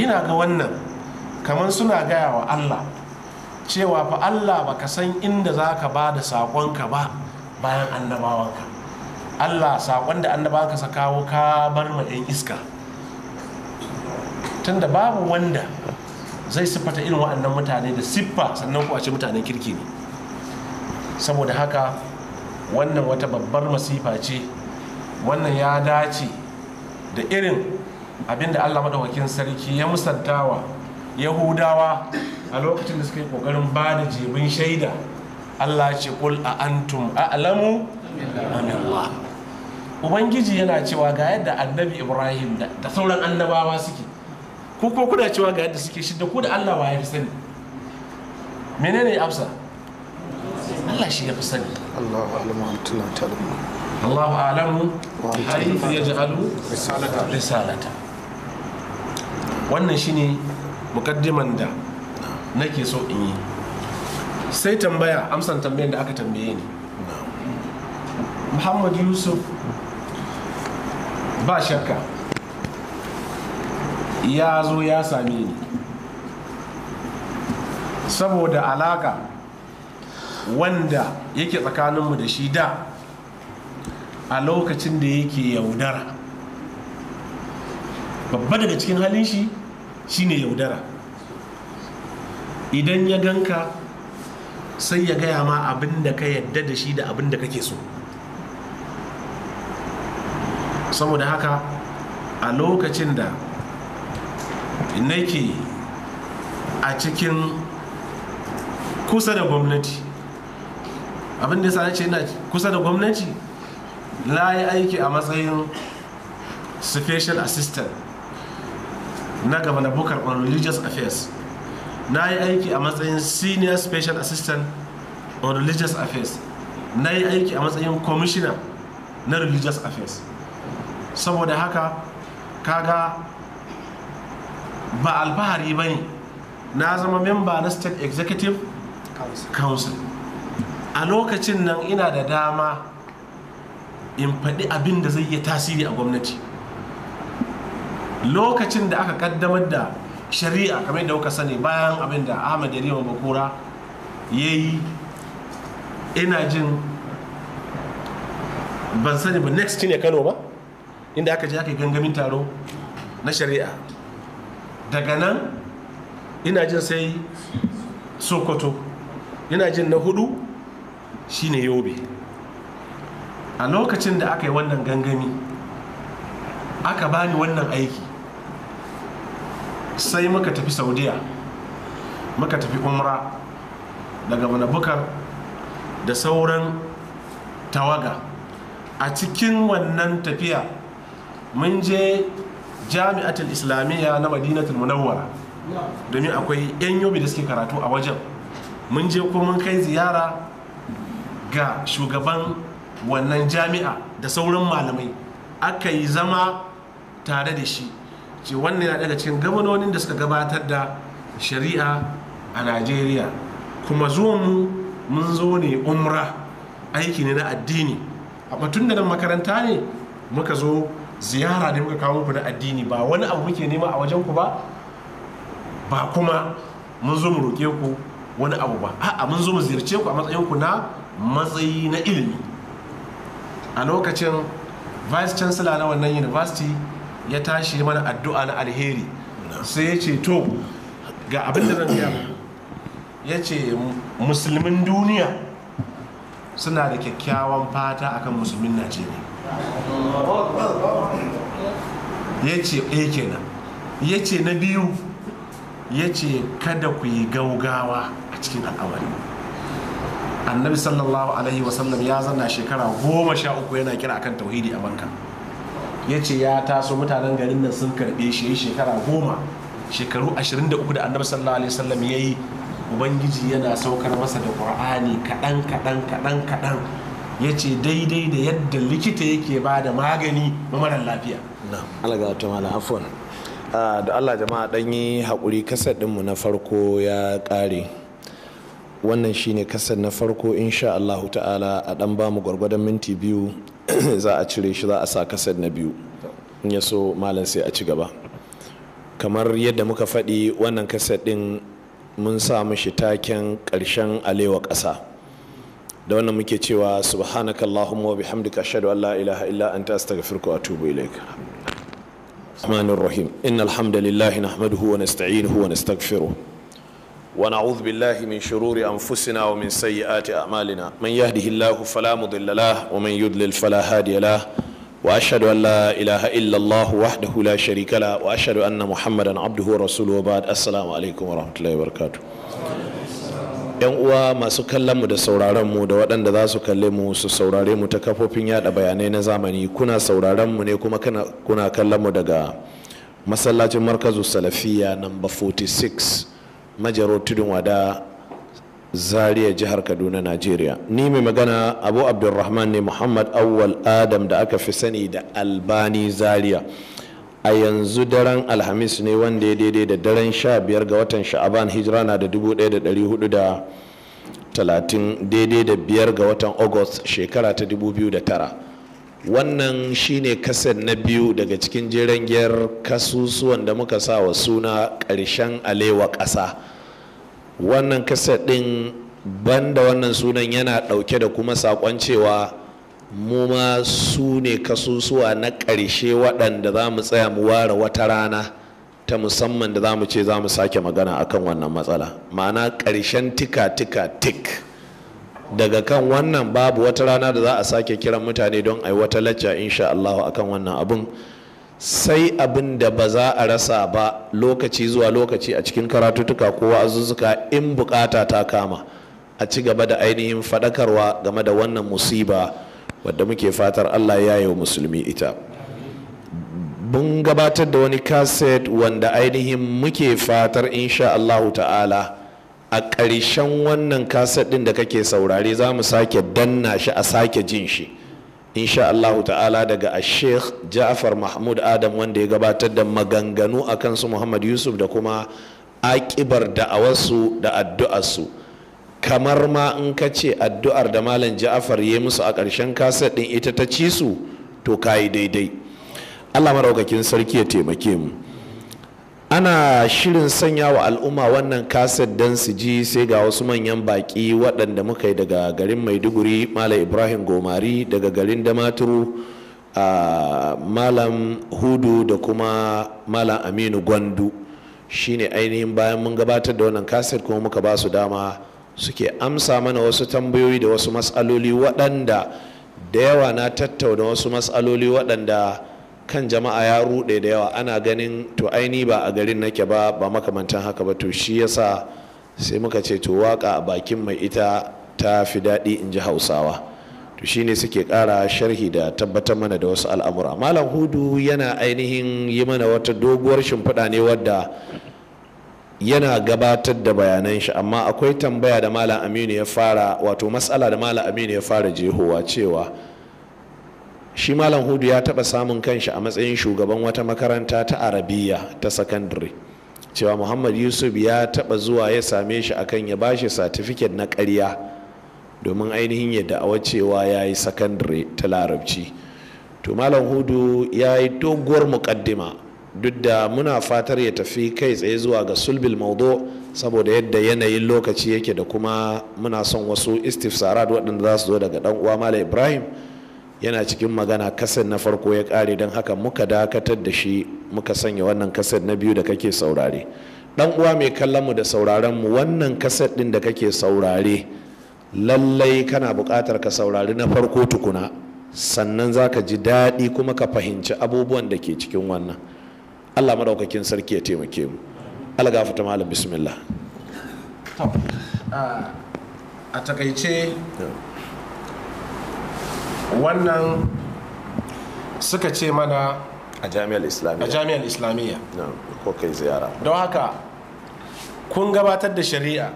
ina ga wannan kamar suna gaya wa allah cewa fa allah ba ka san inda za ka ba da saƙonka ba bayan annabawanka allah saƙon da annabawanka sa kawo ka bar ma 'yan iska tunda babu wanda zai siffata irin waɗannan mutane da siffa sannan ku a ce mutanen kirki ne saboda haka wannan wata babbar masifa ce wannan ya dace da irin abinda allah maɗaukakin sarki ya musantawa yahudawa a lokacin da suka yi ƙoƙarin ba da jibin shaida allah ce kul a antum a'lamu ubangiji yana cewa ga yadda annabi ibrahim da sauran annabawa suke kuko ko kuna cewa ga yadda suke shi da ku da allah wa ya fi sani menene amsa allah shi ya fi sani allah wa alamu Allahu alamu haifu ya ja'alu wannan shine mukaddiman da nake so in yi sai tambaya amsan tambayan da aka tambaye ni Muhammad Yusuf ba shakka ya zo ya same ni saboda alaka wanda yake tsakaninmu da shi da a lokacin da yake yaudara babba daga cikin halin shi shine yaudara idan ya ganka sai ya gaya ma abin da ka yadda da shi da abin da kake so saboda haka a lokacin da nake a cikin kusa da gwamnati abin da ya sa ce na kusa da gwamnati na yi aiki a matsayin special assistant na governor bukar on religious affairs na yi aiki a matsayin senior special assistant on religious affairs na yi aiki a matsayin commissioner na religious affairs saboda haka kaga ba alfahari ba ne na zama memba na state executive council a lokacin nan ina da dama in faɗi abin da zai yi tasiri a gwamnati lokacin da aka kaddamar da shari'a kamar da kuka sani bayan abin da ahmad yarima bakura ya yi ina jin ban sani ba next ne kano ba inda aka je aka yi gangamin taro na shari'a daga nan ina jin sai sokoto ina jin na hudu shine yobe a lokacin da aka yi wannan gangami aka bani wannan aiki sai muka tafi saudiya muka tafi umra daga manabukar da sauran tawaga a cikin wannan tafiya mun je jami'atul islamiyya na madinatul munawwara domin akwai 'yan yobi da suke karatu a wajen mun je kuma mun kai ziyara ga shugaban wannan jami'a da sauran malamai aka yi zama tare da shi ce wannan yana daga cikin gabanonin da suka gabatar da shari'a a najeriya kuma zuwan mu mun zo ne umra aiki ne na addini A batun da nan makaranta ne muka zo ziyara ne muka kawo ku na addini ba wani abu muke nema a wajen ku ba ba kuma mun zo mu roƙe ku wani abu ba a'a mun zo mu ziyarce ku a matsayin ku na matsayi na ilimi a lokacin vice chancellor na wannan university ya tashi mana addu'a na alheri sai ya ce to ga abin da zan ya ce musulmin duniya suna da kyakkyawan fata akan musulmin najeriya ya ce ɗaya kenan ya ce na biyu ya ce kada ku yi gaugawa a cikin al'amari annabi sallallahu alaihi wasallam ya zanna shekara goma sha uku yana kira akan tauhidi a banka. ya ce ya taso mutanen garin nan sun karɓe shi yi shekara goma shekaru 23 da annabi sallallahu alaihi wasallam ya yi ubangiji yana saukar masa da qur'ani kaɗan kaɗan kaɗan kaɗan ya ce daidai da yadda likita yake ba da magani ma mara lafiya ah, da Allah jama'a ɗanyi haƙuri kasar ɗinmu na farko ya ƙare wannan shine kasar na farko insha Allahu ta'ala a dan bamu mu gwargwadon minti biyu *clears throat* za a cire shi za a sa kasar na biyu in ya so malam sai a ci gaba kamar yadda muka faɗi wannan kasar din mun sa mishi taken ƙarshen alewa ƙasa da wannan muke cewa subhanakallahumma wa bihamdika ashhadu an la ilaha illa anta astaghfiruka wa atubu ilaik الرحمن الرحيم إن الحمد لله نحمده ونستعينه ونستغفره ونعوذ بالله من شرور أنفسنا ومن سيئات أعمالنا من يهده الله فلا مضل له ومن يضلل فلا هادي له وأشهد أن لا إله إلا الله وحده لا شريك له وأشهد أن محمدا عبده ورسوله وبعد السلام عليكم ورحمة الله وبركاته yan uwa masu kallon mu da sauraron mu da waɗanda za su kalle mu su saurare mu ta kafofin yada bayanai na zamani kuna sauraron mu ne kuma kuna kallon mu daga masallacin markazu salafiya namba 46 majaro tudun wada zaria jihar kaduna nigeria ni mai magana abu abdulrahman ne muhammad awwal adam da aka fi sani da albani zariya a yanzu daren alhamis ne wanda ya daidai da daren sha biyar ga watan sha'aban hijira na da dubu ɗaya da hudu da talatin daidai da biyar ga watan august shekara ta dubu biyu da tara wannan shine kasan na biyu daga cikin jirangiyar kasusuwan da muka sa wa suna ƙarshen alewa ƙasa wannan kaset ɗin banda wannan sunan yana ɗauke da kuma saƙon cewa mu ma su ne kasusuwa na ƙarshe waɗanda za mu tsaya mu ware wata rana ta musamman da za mu ce za mu sake magana akan wannan matsala ma'ana ƙarshen tika tika tik daga kan wannan babu wata rana da za a sake kiran mutane don a yi wata lacca insha Allah akan wannan abun sai abin da ba za a rasa ba lokaci zuwa lokaci a cikin karatutuka ko azuzuka in bukata ta kama a ci gaba da ainihin faɗakarwa game da wannan musiba wadda muke fatar Allah ya yi musulmi ita mun gabatar da wani kaset wanda ainihin muke fatar insha Allah ta'ala a ƙarshen wannan kaset ɗin da kake saurare za mu sake danna shi a sake jin shi insha Allahu ta'ala daga sheikh Ja'far Mahmud Adam wanda ya gabatar da maganganu a kansu Muhammad Yusuf da kuma aƙibar da'awarsu da addu'arsu kamar ma in ka ce addu'ar da Malam Ja'far ya musu a ƙarshen kaset ɗin ita ta ci su to kayi daidai Allah maraukakin sarki ya taimake mu ana shirin sanya wa al'umma wannan kaset don su ji sai ga wasu manyan baƙi waɗanda muka yi daga garin maiduguri malam ibrahim gomari daga garin damaturu a malam hudu da kuma malam aminu gwandu shine ainihin bayan mun gabatar da wannan kaset kuma muka ba su dama suke amsa mana wasu tambayoyi da wasu matsaloli waɗanda da yawa na tattauna wasu matsaloli waɗanda kan jama'a ya ruɗe da yawa ana ganin to aini ba a garin nake ba ba makamantan haka ba to shi yasa sai muka ce to waka a bakin mai ita ta fi daɗi in ji hausawa to shi ne suke ƙara sharhi da tabbatar mana da wasu al'amura malam hudu yana ainihin yi mana wata doguwar shimfiɗa ne wadda yana gabatar da bayanan shi amma akwai tambaya da malam aminu ya fara wato matsala da malam aminu ya fara jehowa cewa shi malam hudu ya taɓa samun kanshi a matsayin shugaban wata makaranta ta arabiya ta sakandare cewa muhammad yusuf ya taba zuwa ya same shi akan ya ba shi satifiket na karya domin ainihin ya da'awa cewa ya yi sakandare ta larabci to malam hudu ya yi doguwar mukaddima duk da muna fatar ya tafi kai tsaye zuwa ga sulbil maudu saboda yadda yanayin lokaci yake da kuma muna son wasu istifsarat waɗanda za su zo daga ɗan uwa malam ibrahim yana cikin magana kasan na farko ya kare don haka muka dakatar da shi muka sanya wannan kasan na biyu da kake saurare dan uwa mai kallon mu da sauraren mu wannan kasar din da kake saurare lallai kana buƙatar ka saurari na farko tukuna sannan za ka ji daɗi kuma ka fahimci abubuwan da ke cikin wannan allah maɗaukakin sarki ya taimake mu algafata malam bismillah ah, a takaice wannan suka ce mana a jami'ar islamiyya a jami'ar islamiyya ko kai ziyara don haka kun gabatar da shari'a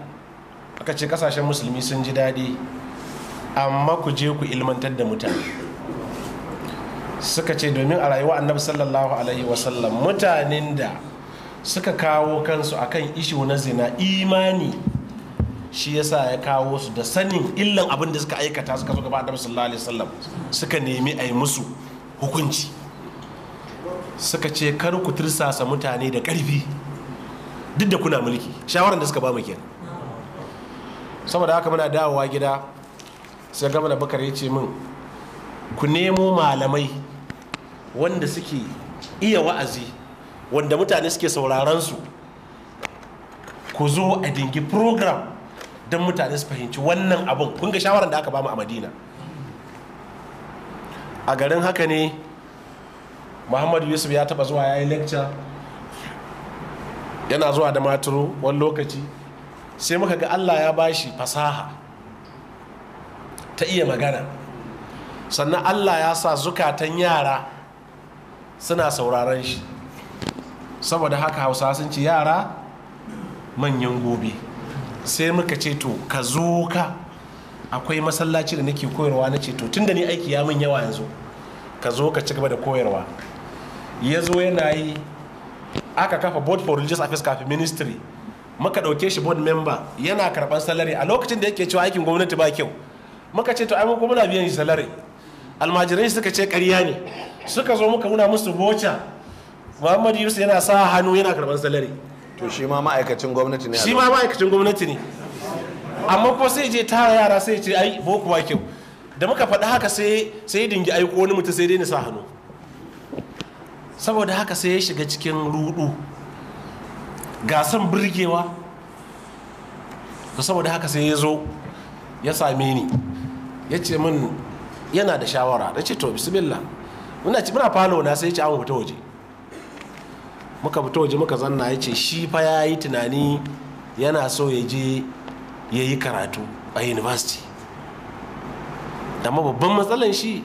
aka ce kasashen musulmi sun ji daɗi amma ku je ku ilmantar da mutane suka ce domin a rayuwa annabi sallallahu alaihi wasallam mutanen da suka kawo kansu akan ishu na zina imani shi yasa ya kawo su da sanin illan abin da suka aikata suka zo gaba annabi sallallahu alaihi wasallam suka nemi a yi musu hukunci suka ce kar ku tirsasa mutane da ƙarfi duk da kuna mulki shawaran da suka ba mu kenan saboda haka muna dawowa gida sai gama da bakar ya ce min ku nemo malamai wanda suke iya wa'azi wanda mutane suke sauraron su ku zo a dingi program don mutane su fahimci wannan abun kun ga shawarar da aka bamu a madina a garin haka ne muhammadu yusuf ya taba zuwa ya yi lecture yana zuwa da maturu wani lokaci sai muka ga allah ya bashi fasaha ta iya magana sannan allah ya sa zukatan yara suna sauraron shi saboda haka hausa sun ci yara manyan gobe sai muka ce to ka zo ka akwai masallaci da nake koyarwa na ce to tun da ni aiki ya min yawa yanzu ka zo ka ci gaba da koyarwa ya zo yana yi aka kafa board for religious affairs kafin ministry muka ɗauke shi board member yana karɓar salari a lokacin da yake cewa aikin gwamnati ba kyau muka ce to ai kuma muna biyan shi salari almajirai suka ce ƙarya ne suka zo muka nuna musu boca muhammadu yusuf yana sa hannu yana karɓar salari to shi ma ma'aikacin gwamnati ne shi ma ma'aikacin gwamnati ne amma ko sai je tara yara sai ce ai boko wake kyau da muka faɗi haka sai sai dingi aiko wani mutum sai daina sa hannu saboda haka sai ya shiga cikin rudu gasan birgewa saboda haka sai ya zo ya same ni ya ce min yana da shawara da ce to bismillah muna falo na sai ya ce an fita waje muka fito waje muka zanna ya ce shi fa ya yi tunani yana so ya je ya yi karatu a university amma babban matsalan shi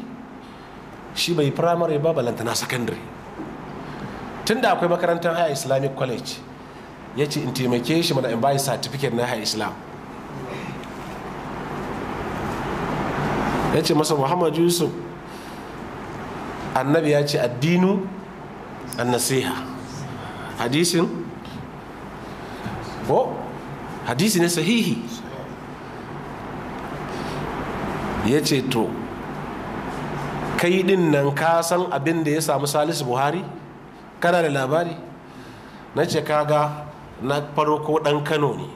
shi bai primary ba balantana secondary tun akwai makarantar High islamic college ya ce in taimake shi mana in bayi certificate na High islam ya ce masa Muhammadu yusuf annabi ya ce addinu an nasiha hadisin ko oh, hadisi ne sahihi ya ce to kai din nan ka san abin da ya samu salisu buhari kana da labari na ce kaga na farko dan kano ne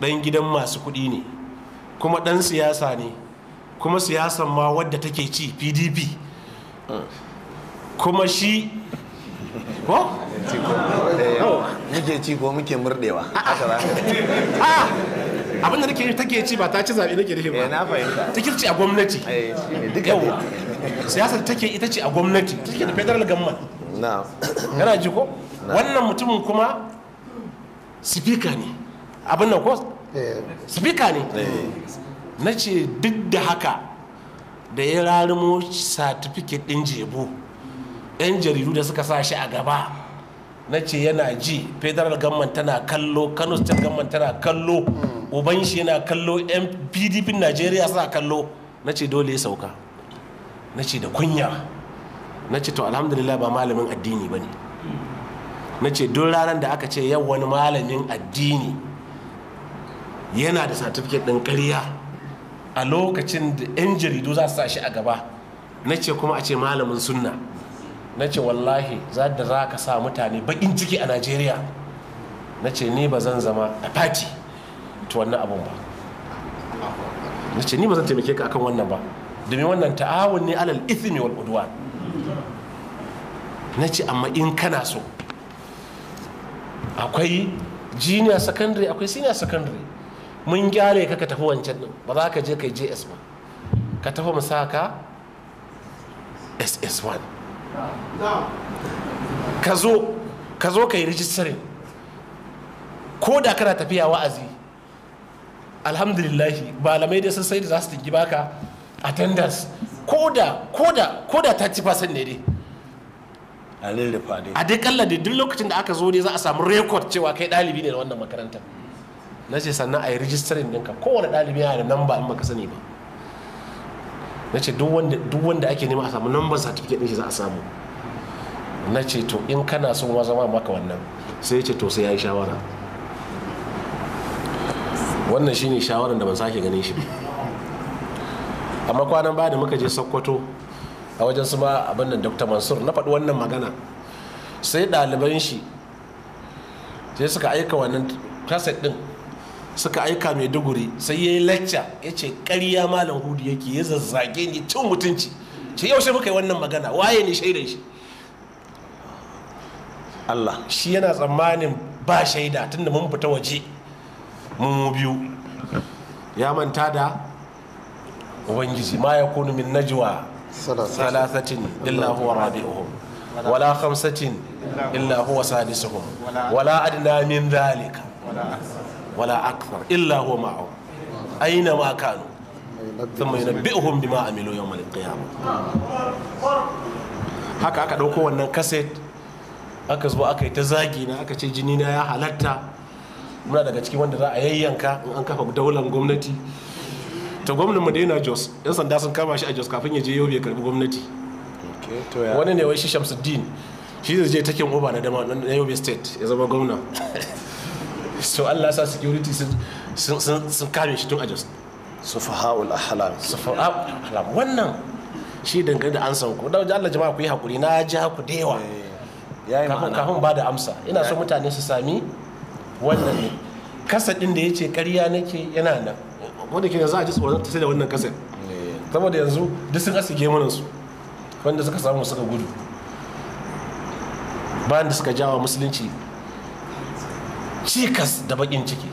dan gidan masu kuɗi ne kuma dan siyasa ne kuma siyasan ma wadda take ci pdp kuma shi ko ci ko muke ci ko muke murdewa haka za ah, abin da nake take ci ba ta ci zabe nake rihe ba eh, na fahimta ci a gwamnati eh shine duka siyasar take ita ce a gwamnati take da federal government na kana ji ko wannan mutumin kuma speaker ne abin nan ko eh. speaker ne eh. na ce duk da haka da ya rarumo certificate din jebo yan jaridu da suka sa shi a gaba na ce yana ji federal government tana kallo kano state government tana kallo hmm. uban shi yana kallo yan pdp najeriya suna kallo na ce dole ya sauka na ce da kunya na ce to alhamdulillah ba malamin addini ba ne na ce duk ranar da aka ce yau wani malamin addini yana da satifiket ɗin karya a lokacin da 'yan jaridu za su sa shi a gaba na ce kuma a ce malamin sunna na ce wallahi za da za ka sa mutane baƙin ciki a najeriya na ce ni ba zan zama a fati ta wannan abun ba na ce ni ba zan taimake ka akan wannan ba domin wannan ta'awun ne alal ithmi wal udwan na ce amma in kana so akwai junior secondary akwai senior secondary mun gyara ka ka tafi wancan din ba za ka je kai js ba ka tafi musaka ss1 ka zo ka zo yi rijistarin ko da kana tafiya wa'azi alhamdulillahi malamai da sun sai da za su tigi baka attendance ko da ko da ko da ta ci fasan ne dai a lullufa dai a dai kalla dai duk lokacin da aka zo ne za a samu rekod cewa kai ɗalibi ne da wannan makarantar na ce sannan a yi rijistarin ɗinka kowane ɗalibi yana da nan namba in baka sani ba na ce duk wanda ake nema a samu number certificate din shi za a samu na ce to in kana son wa zama maka wannan sai ce to sai ya yi shawara wannan shine shawaran da ban sake ganin shi amma kwanan baya da muka je sokoto a wajen su ma abin da dr mansur na faɗi wannan magana sai ɗaliban shi sai suka aika wannan kaset ɗin suka aika mai duguri sai ya yi lacca ya ce karya malam hudu yake ya zazzage ni cin mutunci ce yaushe muka yi wannan magana waye ne shaidan shi Allah shi yana tsammanin ba shaida tunda mun fita waje mu biyu ya manta da ubangiji ma ya kunu min najwa salasatin illa huwa rabi'uhum wala khamsatin illa huwa sadisuhum wala adna min dhalika wala akthar illa huwa ma'ahum aina ma kanu thumma yunabbi'uhum bima amilu yawm qiyamah haka aka dauko wannan kaset aka zo aka yi ta zagi na aka ce jini na ya halatta muna daga cikin wanda za a yayyanka in an kafa daular gwamnati ta gwamnan mu daina Jos yan sanda sun kama shi a Jos kafin ya je yau bai karbi gwamnati wani ne wai shi Shamsuddin shi zai je takin uba na dama na Yobe State ya zama gwamna so Allah sa security sun kare shi tun a jos sufaha'ul ahlam sufaha'ul ahlam wannan shi dangane da an ku da Allah jama'a ku yi hakuri na ji ku da yawa eh, kafin ba da amsa ina so mutane su sami wannan ne kasadin da ya ce ƙarya nake yana nan wanda ke yanzu a ji tsoron ta sai da wannan kasar. Eh. saboda yanzu duk sun asige mana su wanda suka samu suka gudu bayan da suka jawa musulunci cikas da bakin ciki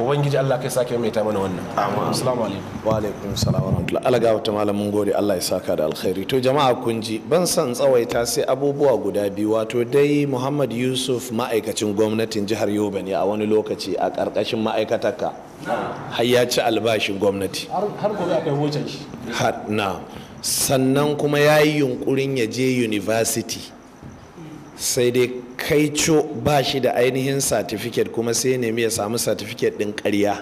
ubangiji Allah kai sake mai ta mana wannan amin assalamu alaikum wa wa rahmatullahi Allah malamin gode Allah ya saka da alkhairi to jama'a kun ji ban san tsawaita sai abubuwa guda biyu wato dai Muhammad Yusuf ma'aikacin gwamnatin jihar Yobe ne a wani lokaci a karkashin ma'aikatarka har ya ci albashin gwamnati har gobe kai wucin shi na sannan kuma yayi yunkurin ya je university sai dai kaico ba shi da ainihin satifiket kuma sai nemi ya samu satifiket din karya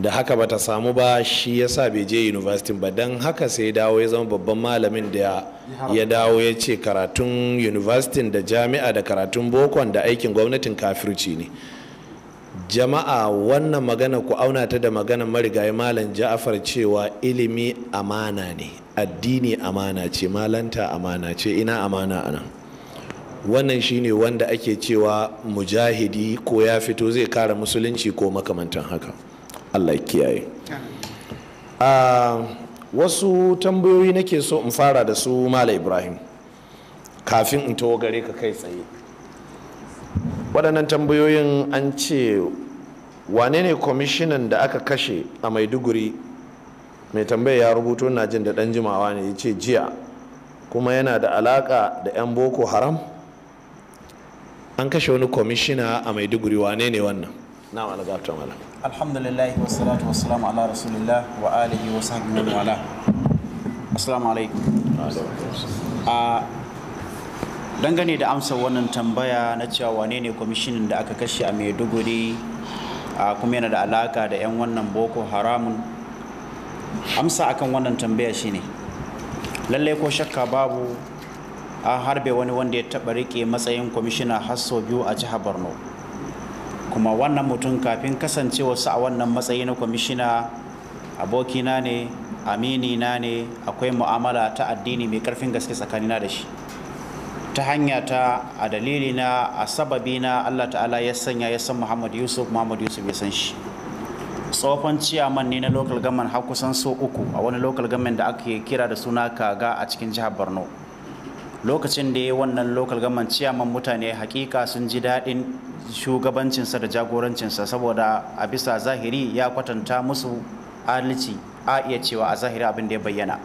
da haka bata samu ba shi ya sa bai je university ba don haka sai dawo ya zama babban malamin da ya dawo ya ce karatun university da jami'a da karatun bokon da aikin gwamnatin kafirci ne jama'a wannan magana ku auna ta da magana marigayi malam ja'afar cewa ilimi amana ne addini amana ce malanta amana ce ina amana anan wannan shine wanda ake cewa mujahidi ko ya fito zai kara musulunci ko makamantan haka allah kiyaye ah, wasu tambayoyi nake so in fara da su mala ibrahim kafin in tawo gare ka kai tsaye waɗannan tambayoyin an ce wane ne kwamishinan da aka kashe a maiduguri mai tambaya ya rubuto na jin da ɗan jimawa ne ya ce jiya kuma yana da alaƙa da 'yan boko haram an kashe wani kwamishina a maiduguri wane ne wannan na wani gafta mana alhamdulillah wa salatu wa salamu ala rasulillah wa alihi wa sahbihi wa ala assalamu alaikum a dangane da amsa wannan tambaya na cewa wane ne kwamishinin da aka kashe a maiduguri a kuma yana da alaka da 'yan wannan boko haramun amsa akan wannan tambaya shine lallai ko shakka babu an harbe wani wanda ya taɓa rike matsayin kwamishina har biyu a jihar borno kuma wannan mutum kafin su a wannan matsayi na kwamishina abokina ne amini na ne akwai mu'amala ta addini mai karfin gaske tsakanina da shi ta hanya ta a dalilina a sababina allah ta'ala ya sanya ya san Muhammadu yusuf Muhammadu yusuf ya san shi tsohon ciyaman ne na lokal government har kusan so uku a wani lokal government da ake kira da suna kaga a cikin jihar borno lokacin da ya wannan local government ciyaman mutane hakika sun ji daɗin shugabancinsa da jagorancinsa saboda a bisa zahiri ya kwatanta musu adalci a iya cewa a zahiri abin da ya bayyana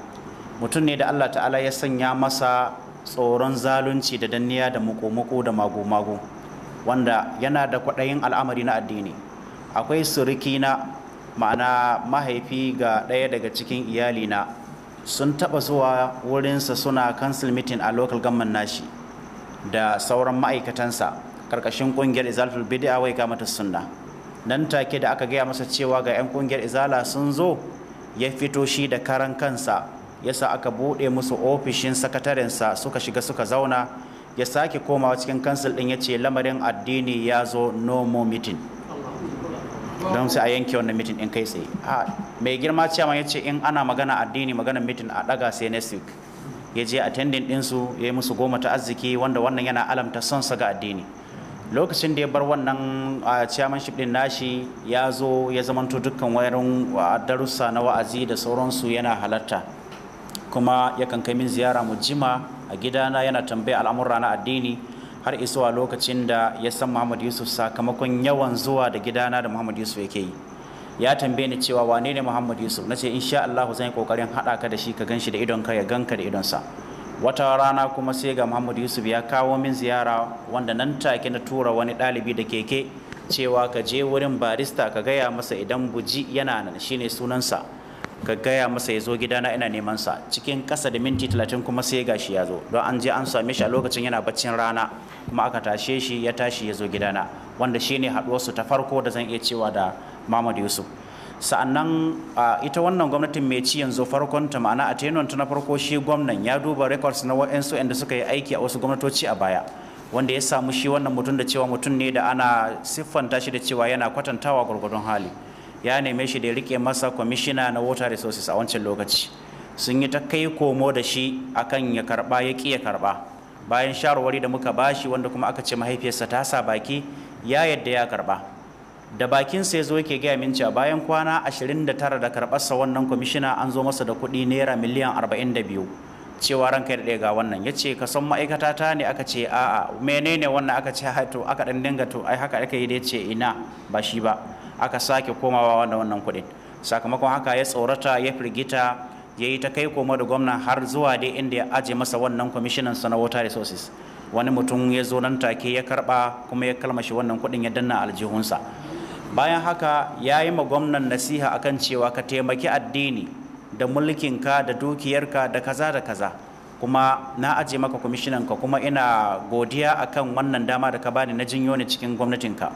mutum ne da allah ta'ala ya sanya masa tsoron zalunci da danniya da muku-muku da magu-magu wanda yana da kwaɗayin al'amari na addini akwai surikina ma'ana mahaifi ga ɗaya daga cikin iyalina sun taɓa zuwa wurinsa suna council meeting a local government nashi da sauran ma'aikatansa karkashin ƙungiyar izalatul bid'a wai ga mata sunna nan take da aka gaya masa cewa ga 'yan ƙungiyar izala sun zo ya fito shi da karan kansa yasa aka buɗe musu ofishin sakatarensa suka shiga suka zauna ya sake komawa cikin kansil ɗin ya ce lamarin addini ya zo no more meeting don sai a yanke wannan mitin in kai tsaye mai girma cewa ya ce in ana magana addini magana mitin a daga sai next week ya je a attending dinsu ya yi musu goma ta arziki wanda wannan yana alamta son sa ga addini lokacin da ya bar wannan chairmanship din nashi ya zo ya zamanto dukkan wayarin darussa na wa'azi da sauransu yana halarta kuma yakan kai min ziyara mu jima a gidana yana tambaya al'amurra na addini har isuwa lokacin da ya san Muhammad Yusuf sakamakon yawan zuwa da gidana da Muhammad Yusuf yake yi ya tambaye ni cewa wane ne Muhammad Yusuf na ce insha Allah zan yi kokarin haɗa ka da shi ka ganshi da idon ka ya ganka da idonsa wata rana kuma sai ga Muhammad Yusuf ya kawo min ziyara wanda nan take na tura wani ɗalibi da keke cewa ka je wurin barista ka gaya masa idan buji yana nan shine sunansa ka gaya masa ya zo gidana ina neman sa cikin kasa da minti talatin kuma sai gashi ya zo don an je an same shi a lokacin yana baccin rana kuma aka tashe shi ya tashi ya zo gidana wanda shi shine haɗuwarsu ta farko da zan iya cewa da Mamadu Yusuf sa'annan ita wannan gwamnatin mai ci yanzu farkon ta ma'ana a tenon ta na farko shi gwamnan ya duba records na wa'ansu inda suka yi aiki a wasu gwamnatoci a baya wanda ya samu shi wannan mutum da cewa mutum ne da ana siffanta shi da cewa yana kwatantawa gwargwadon hali ya neme shi da rike masa kwamishina na water resources a wancan lokaci sun yi ta kai komo da shi akan ya karba ya ki ya karba bayan shawarwari da muka bashi wanda kuma aka ce mahaifiyarsa ta sa baki ya yadda ya karba da bakinsa ya zo yake gaya min cewa bayan kwana 29 da karɓarsa wannan kwamishina an zo masa da kuɗi naira miliyan 42 cewa ranka ya ga wannan ya ce san ma'aikata ta ne aka ce a'a menene wannan aka ce to aka ɗan dinga to ai haka aka yi da ce ina ba shi ba aka sake komawa wanda wannan kuɗin sakamakon haka ya tsorata ya firgita ya yi ta kai koma da gwamna har zuwa dai inda ya aje masa wannan kwamishinan sa na water resources wani mutum ya zo nan take ya karba kuma ya kalmashi wannan kuɗin ya danna aljihunsa bayan haka ya yi ma gwamnan nasiha akan cewa ka taimaki addini da mulkin ka da dukiyarka da kaza da kaza kuma na aje maka kwamishinanka kuma ina godiya akan wannan dama da ka bani na jinyo ne cikin gwamnatinka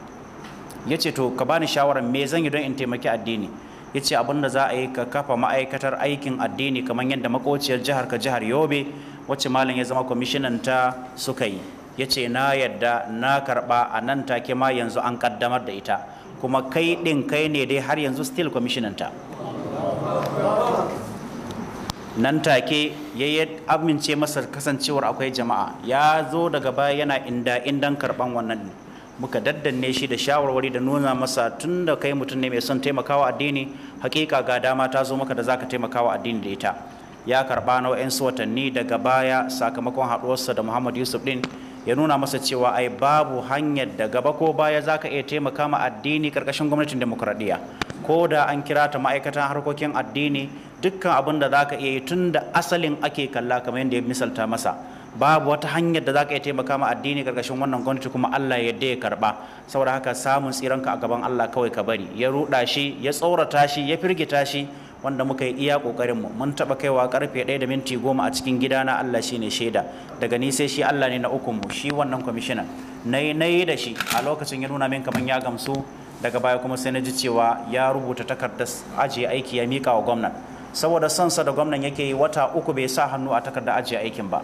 ya ce to ka bani shawarar me zan yi don in taimaki addini ya ce abin da za a yi ka kafa ma'aikatar aikin addini kamar yadda makociyar jihar ka jihar yobe wacce malam ya zama kwamishinan ta suka yi ya ce na yadda na karba a nan take ma yanzu an kaddamar da ita kuma kai ɗin kai ne dai har yanzu still kwamishinan ta nan take ya yi amince masa kasancewar akwai jama'a ya zo daga baya yana inda indan karban wannan muka daddanne shi da shawarwari da nuna masa tun da kai mutum ne mai son taimakawa addini hakika ga dama ta zo maka da zaka taimakawa addini da ita ya karba na wa'yansu watanni daga baya sakamakon haɗuwarsa da muhammad yusuf din ya nuna masa cewa ai babu hanyar da gaba ko baya zaka iya taimaka ma addini karkashin gwamnatin demokradiyya ko da an kira ta ma'aikatan harkokin addini dukkan abin da zaka iya yi tunda asalin ake kalla kamar yadda ya misalta masa babu wata hanyar da za ka iya taimaka ma addini karkashin wannan gwamnati kuma Allah ya ya karba saboda haka samun tsiranka a gaban Allah kawai ka bari ya ruɗa shi ya tsorata shi ya firgita shi wanda muka yi iya kokarin mu mun taba kaiwa karfe 1 da minti 10 a cikin gidana Allah shine shaida daga ni sai shi Allah ne na uku mu shi wannan kwamishinan nayi nayi da shi a lokacin ya nuna min kaman ya gamsu daga baya kuma sai na ji cewa ya rubuta takardar ajiye aiki ya mika wa gwamnan saboda sansa da gwamnan yake yi wata uku bai sa hannu a takardar ajiye aikin ba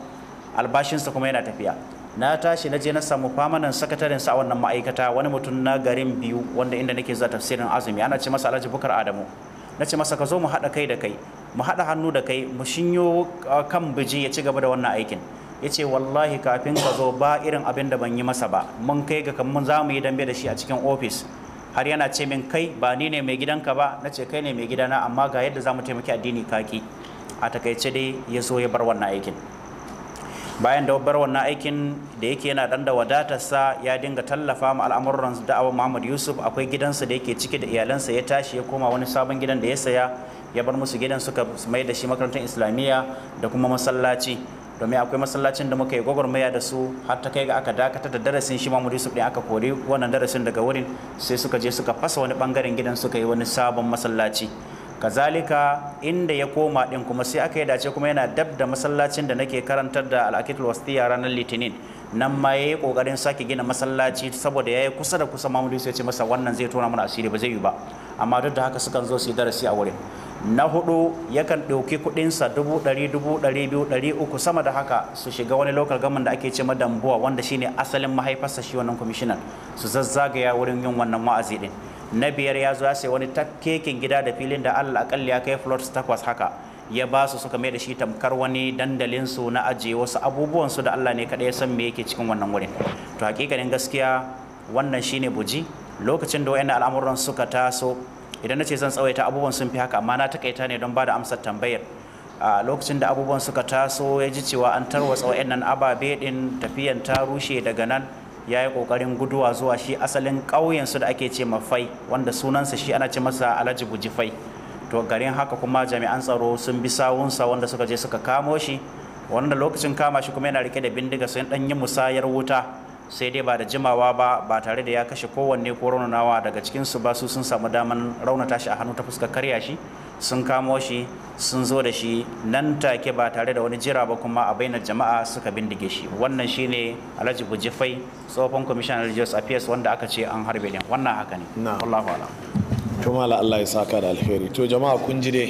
albashinsa kuma yana tafiya na tashi na je na samu famanan sakataren sa wannan ma'aikata wani mutum na garin biyu wanda inda nake za tafsirin azumi ana ce masa Alhaji Bukar Adamu na ce masa ka zo mu haɗa kai da kai mu haɗa hannu da kai mu shinyo kan biji ya ci gaba da wannan aikin ya ce wallahi kafin ka zo ba irin abin da ban yi masa ba mun kai ga kan mun za mu yi dambe da shi a cikin ofis har yana ce min kai ba ni ne mai ka ba na ce kai ne mai gidana amma ga yadda za mu taimaki addini kaki a takaice dai ya zo ya bar wannan aikin bayan da wabbar wannan aikin da yake yana dan da wadatarsa ya dinga tallafa ma al'amuran da'awar Muhammad Yusuf akwai gidansa da yake ciki da iyalansa ya tashi ya koma wani sabon gidan da ya saya ya bar musu gidan suka mai da shi makarantar islamiyya da kuma masallaci domin akwai masallacin da muka yi gwagwarmaya da su har ta kai ga aka dakatar da darasin shi Muhammad Yusuf din aka kori wannan darasin daga wurin sai suka je suka fasa wani bangaren gidan suka yi wani sabon masallaci kazalika inda ya koma din kuma sai aka yi dace kuma yana dab da masallacin da nake karantar da al'akitul wastiya ranar litinin nan ma ya yi kokarin sake gina masallaci saboda ya yi kusa da kusa mamudu sai ce masa wannan zai tona mana asiri ba zai yi ba amma duk da haka sukan zo su yi darasi a wurin na hudu yakan ɗauki kuɗinsa dubu ɗari dubu ɗari biyu ɗari uku sama da haka su shiga wani lokal gaman da ake ce dambuwa wanda shine asalin mahaifarsa shi wannan kwamishinan su zazzagaya wurin yin wannan wa'azi din na biyar ya zo ya sai wani takkekin gida da filin da allah akalli ya kai floors takwas haka ya ba su suka mai da shi tamkar wani dandalin su na ajiye wasu abubuwan su da allah ne kaɗai ya san me yake cikin wannan wurin to hakikanin gaskiya wannan shine buji lokacin da wayannan al'amuran suka taso idan nace zan tsawaita abubuwan sun fi haka amma na takaita ne don ba da amsar tambayar a lokacin da abubuwan suka taso ya ji cewa an tarwatsa wayannan ababe din tafiyan ta rushe daga nan ya yi ƙoƙarin guduwa zuwa shi asalin ƙauyensu da ake ce mafai wanda sunansa shi ana ce masa alhaji bujifai to garin haka kuma jami'an tsaro sun bi sawunsa wanda suka je suka kamo shi wanda lokacin kama shi kuma yana rike da bindiga sun ɗan yi musayar wuta sai dai ba da jimawa ba ba tare da ya kashe kowanne ko raunawa daga cikinsu ba su sun samu daman raunata shi a hannu ta fuskar karya shi sun kamo shi sun zo da shi nan take ba tare da wani jira ba kuma a bainar jama'a suka bindige shi wannan shine alhaji bujifai tsohon commissioner religious affairs wanda aka ce an harbe ne wannan haka ne wallahu ala to mala Allah ya saka da alheri to jama'a kun ji ne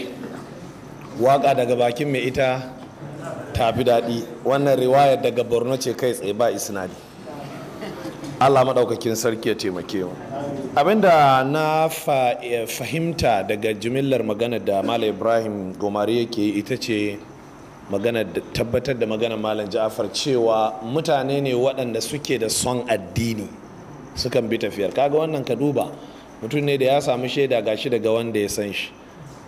waka daga bakin mai ita tafi daɗi wannan riwayar daga borno ce kai tsaye ba isnadi Allah maɗaukakin sarki ya taimake mu abinda na eh, fahimta daga jimillar magana da malam ibrahim gomari yake ita ce magana da tabbatar da magana malam ja'afar cewa mutane ne waɗanda suke da son addini sukan bi tafiyar kaga wannan ka duba mutum ne da ya samu shaida gashi daga wanda ya san shi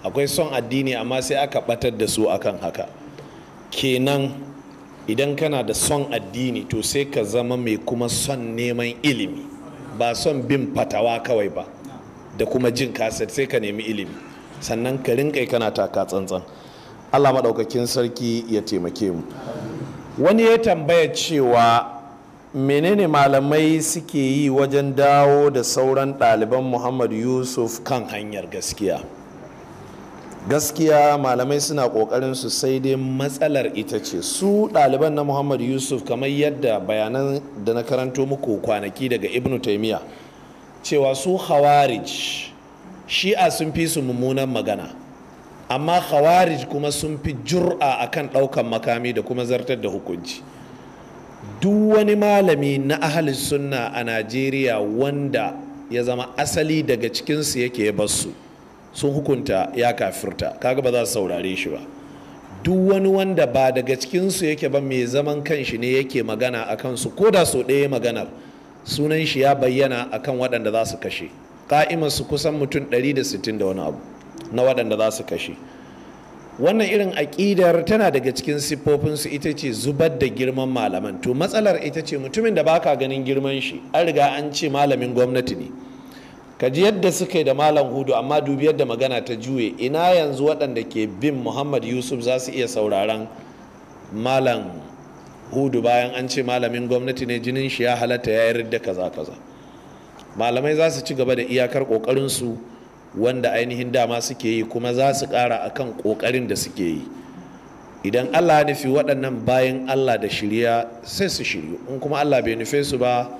akwai son addini amma sai aka batar da su akan haka kenan idan kana da son addini to sai ka zama mai kuma son neman ilimi ba son bin fatawa kawai ba da kuma jin kaset sai ka nemi ilimi sannan ka rinkai kana taka tsantsan allah maɗaukakin sarki ya taimake mu wani ya tambaya cewa menene malamai suke yi wajen dawo da sauran ɗaliban muhammad yusuf kan hanyar gaskiya gaskiya malamai suna kokarin su sai dai matsalar ita ce su ɗaliban na muhammad yusuf kamar yadda bayanan da na karanto muku kwanaki daga ibnu taimiyya cewa su khawarij shi'a sun fi su mummunan magana amma khawarij kuma sun fi jur'a akan ɗaukan makami da kuma zartar da hukunci duk wani malami na ahali sunna a najeriya wanda ya zama asali daga cikinsu yake basu su sun hukunta ya kafirta kaga ba za su saurare shi ba duk wani wanda ba daga cikinsu yake ba mai zaman kanshi ne yake magana a kansu ko da so ɗaya maganar sunan shi ya bayyana akan waɗanda za su kashe su kusan mutum 160 da wani abu na waɗanda za su kashe wannan irin aƙidar tana daga cikin siffofinsu ita ce zubar da girman malaman to matsalar ita ce mutumin da baka ganin girman shi an riga an ce malamin gwamnati ne ka ji yadda suka yi da malam hudu amma dubi yadda magana ta juye ina yanzu waɗanda ke bin muhammad yusuf za su iya sauraron malam hudu bayan an ce malamin gwamnati ne jinin shi ya halatta ya yarda kaza kaza malamai za su ci gaba da iyakar ƙoƙarinsu wanda ainihin dama suke yi kuma za su ƙara akan ƙoƙarin da suke yi idan allah ya nufi waɗannan bayan allah da shirya sai su shiryu in kuma allah bai nufe su ba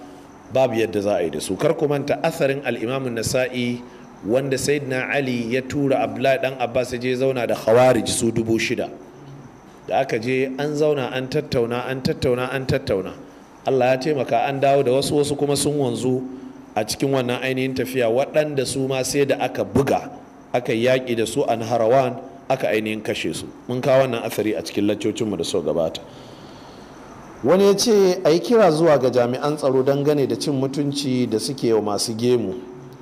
babu yadda za a yi da su kar ku manta asarin al'imamin nasa'i wanda na ali ya tura abdullahi dan abbas je zauna da khawarij su dubu shida da aka je an zauna an tattauna an tattauna an tattauna allah ya taimaka an dawo da wasu wasu kuma sun wanzu a cikin wannan ainihin tafiya waɗanda su ma sai da aka buga aka yaƙi da su an harawan aka ainihin kashe su mun kawo wannan asari a cikin laccocinmu da so gabata wani ya ce a yi kira zuwa ga jami'an tsaro dangane da cin mutunci da suke wa masu gemu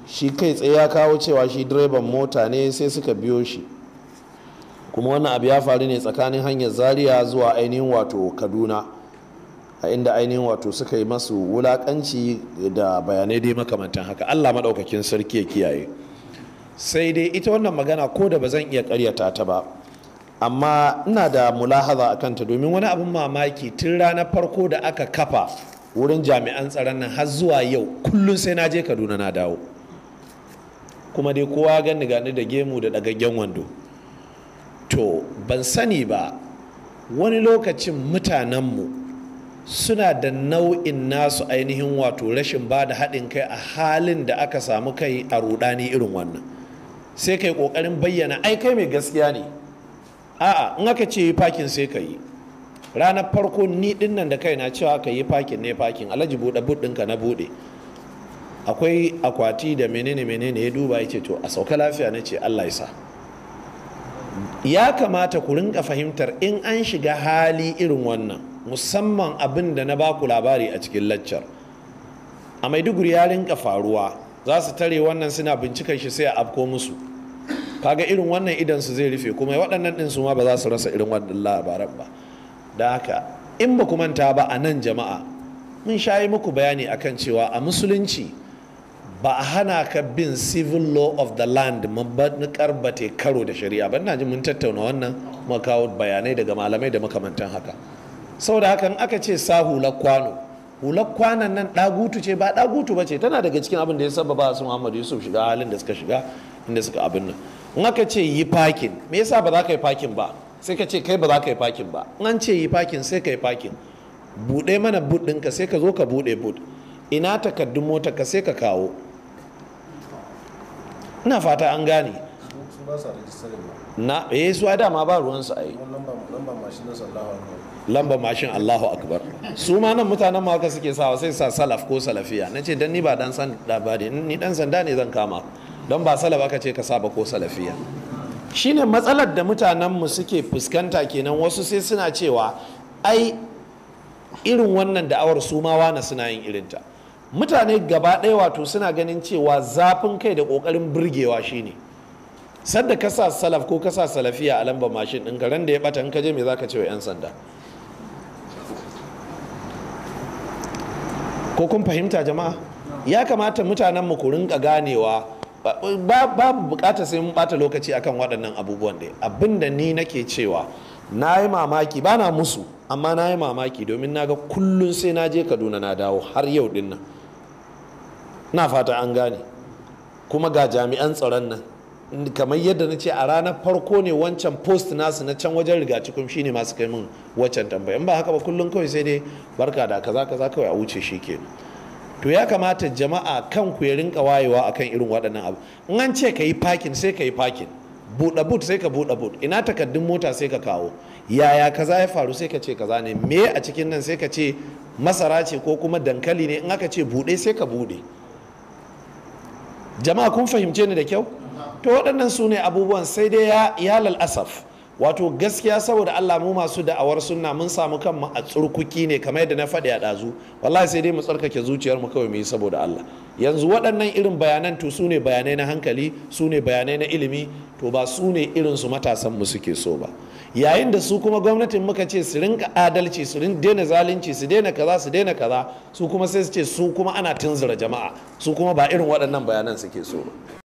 shi kai tsaye ya kawo cewa shi direban mota ne sai suka biyo shi kuma wannan abu ya faru ne tsakanin hanyar zaria zuwa ainihin wato kaduna a inda ainihin wato suka yi masu wulakanci da bayanai dai makamantan haka allah maɗaukakin sarki ya kiyaye sai dai ita wannan magana ko da ba zan iya karyata ta ba amma ina da mulahaza a kanta domin wani abin mamaki tun ranar farko da aka kafa wurin jami'an tsaron nan har zuwa yau kullum sai na je kaduna na dawo kuma dai kowa gani gani da gemu da dagaggen wando to ban sani ba wani lokacin mutanenmu suna da nau'in nasu ainihin wato rashin ba da haɗin kai a halin da aka samu kai a rudani irin wannan sai kai ƙoƙarin bayyana ai kai mai gaskiya ne a'a in aka ce yi fakin sai ka yi ranar farko ni din da kai na cewa ka yi fakin ne fakin alhaji buɗe buɗinka na buɗe akwai akwati da menene menene ya duba ya ce to a sauka lafiya na ce allah ya sa ya kamata ku rinka fahimtar in an shiga hali irin wannan musamman abin da na baku labari a cikin laccar a maiduguri ya rinka faruwa za su tare wannan suna bincikan shi sai a afko musu kaga irin wannan idan su zai rufe kuma waɗannan ɗin su ma ba za su rasa irin wannan labaran ba da haka in ba manta ba a nan jama'a mun sha yi muku bayani akan cewa a musulunci ba a hana ka bin civil law of the land mabanikar ba te karo da shari'a ba na ji mun tattauna wannan makawo bayanai daga malamai da makamantan haka saboda hakan aka ce sa hular kwano hular kwanan nan ɗagutu ce ba ɗagutu ba ce tana daga cikin abin da ya ba su Muhammadu yusuf shiga halin da suka shiga inda suka abin nan in aka ce yi fakin me yasa ba za ka yi fakin ba sai ka ce kai ba za ka yi fakin ba in an ce yi fakin sai ka yi fakin buɗe mana bud ɗinka sai ka zo ka buɗe bud ina takardun mota ka sai ka kawo ina fata an gane na eh su ai dama ba ruwan su ai lamba mashin Allahu akbar su ma nan mutanen ma suke sawa sai sa salaf ko salafiya Na ce dan ni ba dan san da ba ni dan sanda ne zan kama don ba salaf aka ce ka saba ko salafiya shine matsalar da mutanenmu suke fuskanta kenan wasu sai suna cewa ai irin wannan da'awar su ma wana suna yin irinta mutane gaba ɗaya wato suna ganin cewa zafin kai da ƙoƙarin burgewa shine sadda ka sa salaf ko ka sa salafiya a lamba mashin ɗin karen da ya ɓata in ka je me za ka ce wa 'yan sanda ko kun fahimta jama'a ya kamata mutanenmu ku rinƙa ganewa babu bukata sai mun bata lokaci akan waɗannan abubuwan dai abinda ni nake cewa na yi mamaki ba na musu amma na yi mamaki domin na ga kullum sai na je kaduna na dawo har yau din nan na fata an gane kuma ga jami'an tsaron nan kamar yadda na ce a ranar farko ne wancan post nasu na can wajen rigacikun shine masu kai min waccan tambaya in ba haka ba kullum kawai sai dai barka da kaza kaza kawai a wuce shi kenan to ya kamata jama'a kan ku ya rinka wayewa akan irin waɗannan abu in an ce ka yi pakin sai ka yi pakin. buɗe but sai ka buɗe but ina takardun mota sai ka kawo yaya kaza ya faru sai ka ce kaza ne me a cikin nan sai ka ce masara ce ko kuma dankali ne in aka ce buɗe sai ka buɗe jama'a kun fahimce ni da kyau to waɗannan su ne abubuwan sai dai ya, ya lalasaf wato gaskiya saboda Allah mu masu da'awar sunna mun samu kanmu a tsurkuki ne kamar yadda na faɗi a ɗazu wallahi sai dai mu tsarkake zuciyar mu kawai mu yi saboda Allah yanzu waɗannan irin bayanan to su ne bayanai na hankali su ne bayanai na ilimi to ba su ne irin su matasan mu suke so ba yayin da su kuma gwamnatin muka ce su rinka adalci su rinka daina zalunci su daina kaza su daina kaza su kuma sai su ce su kuma ana tunzura jama'a su kuma ba irin waɗannan bayanan suke so ba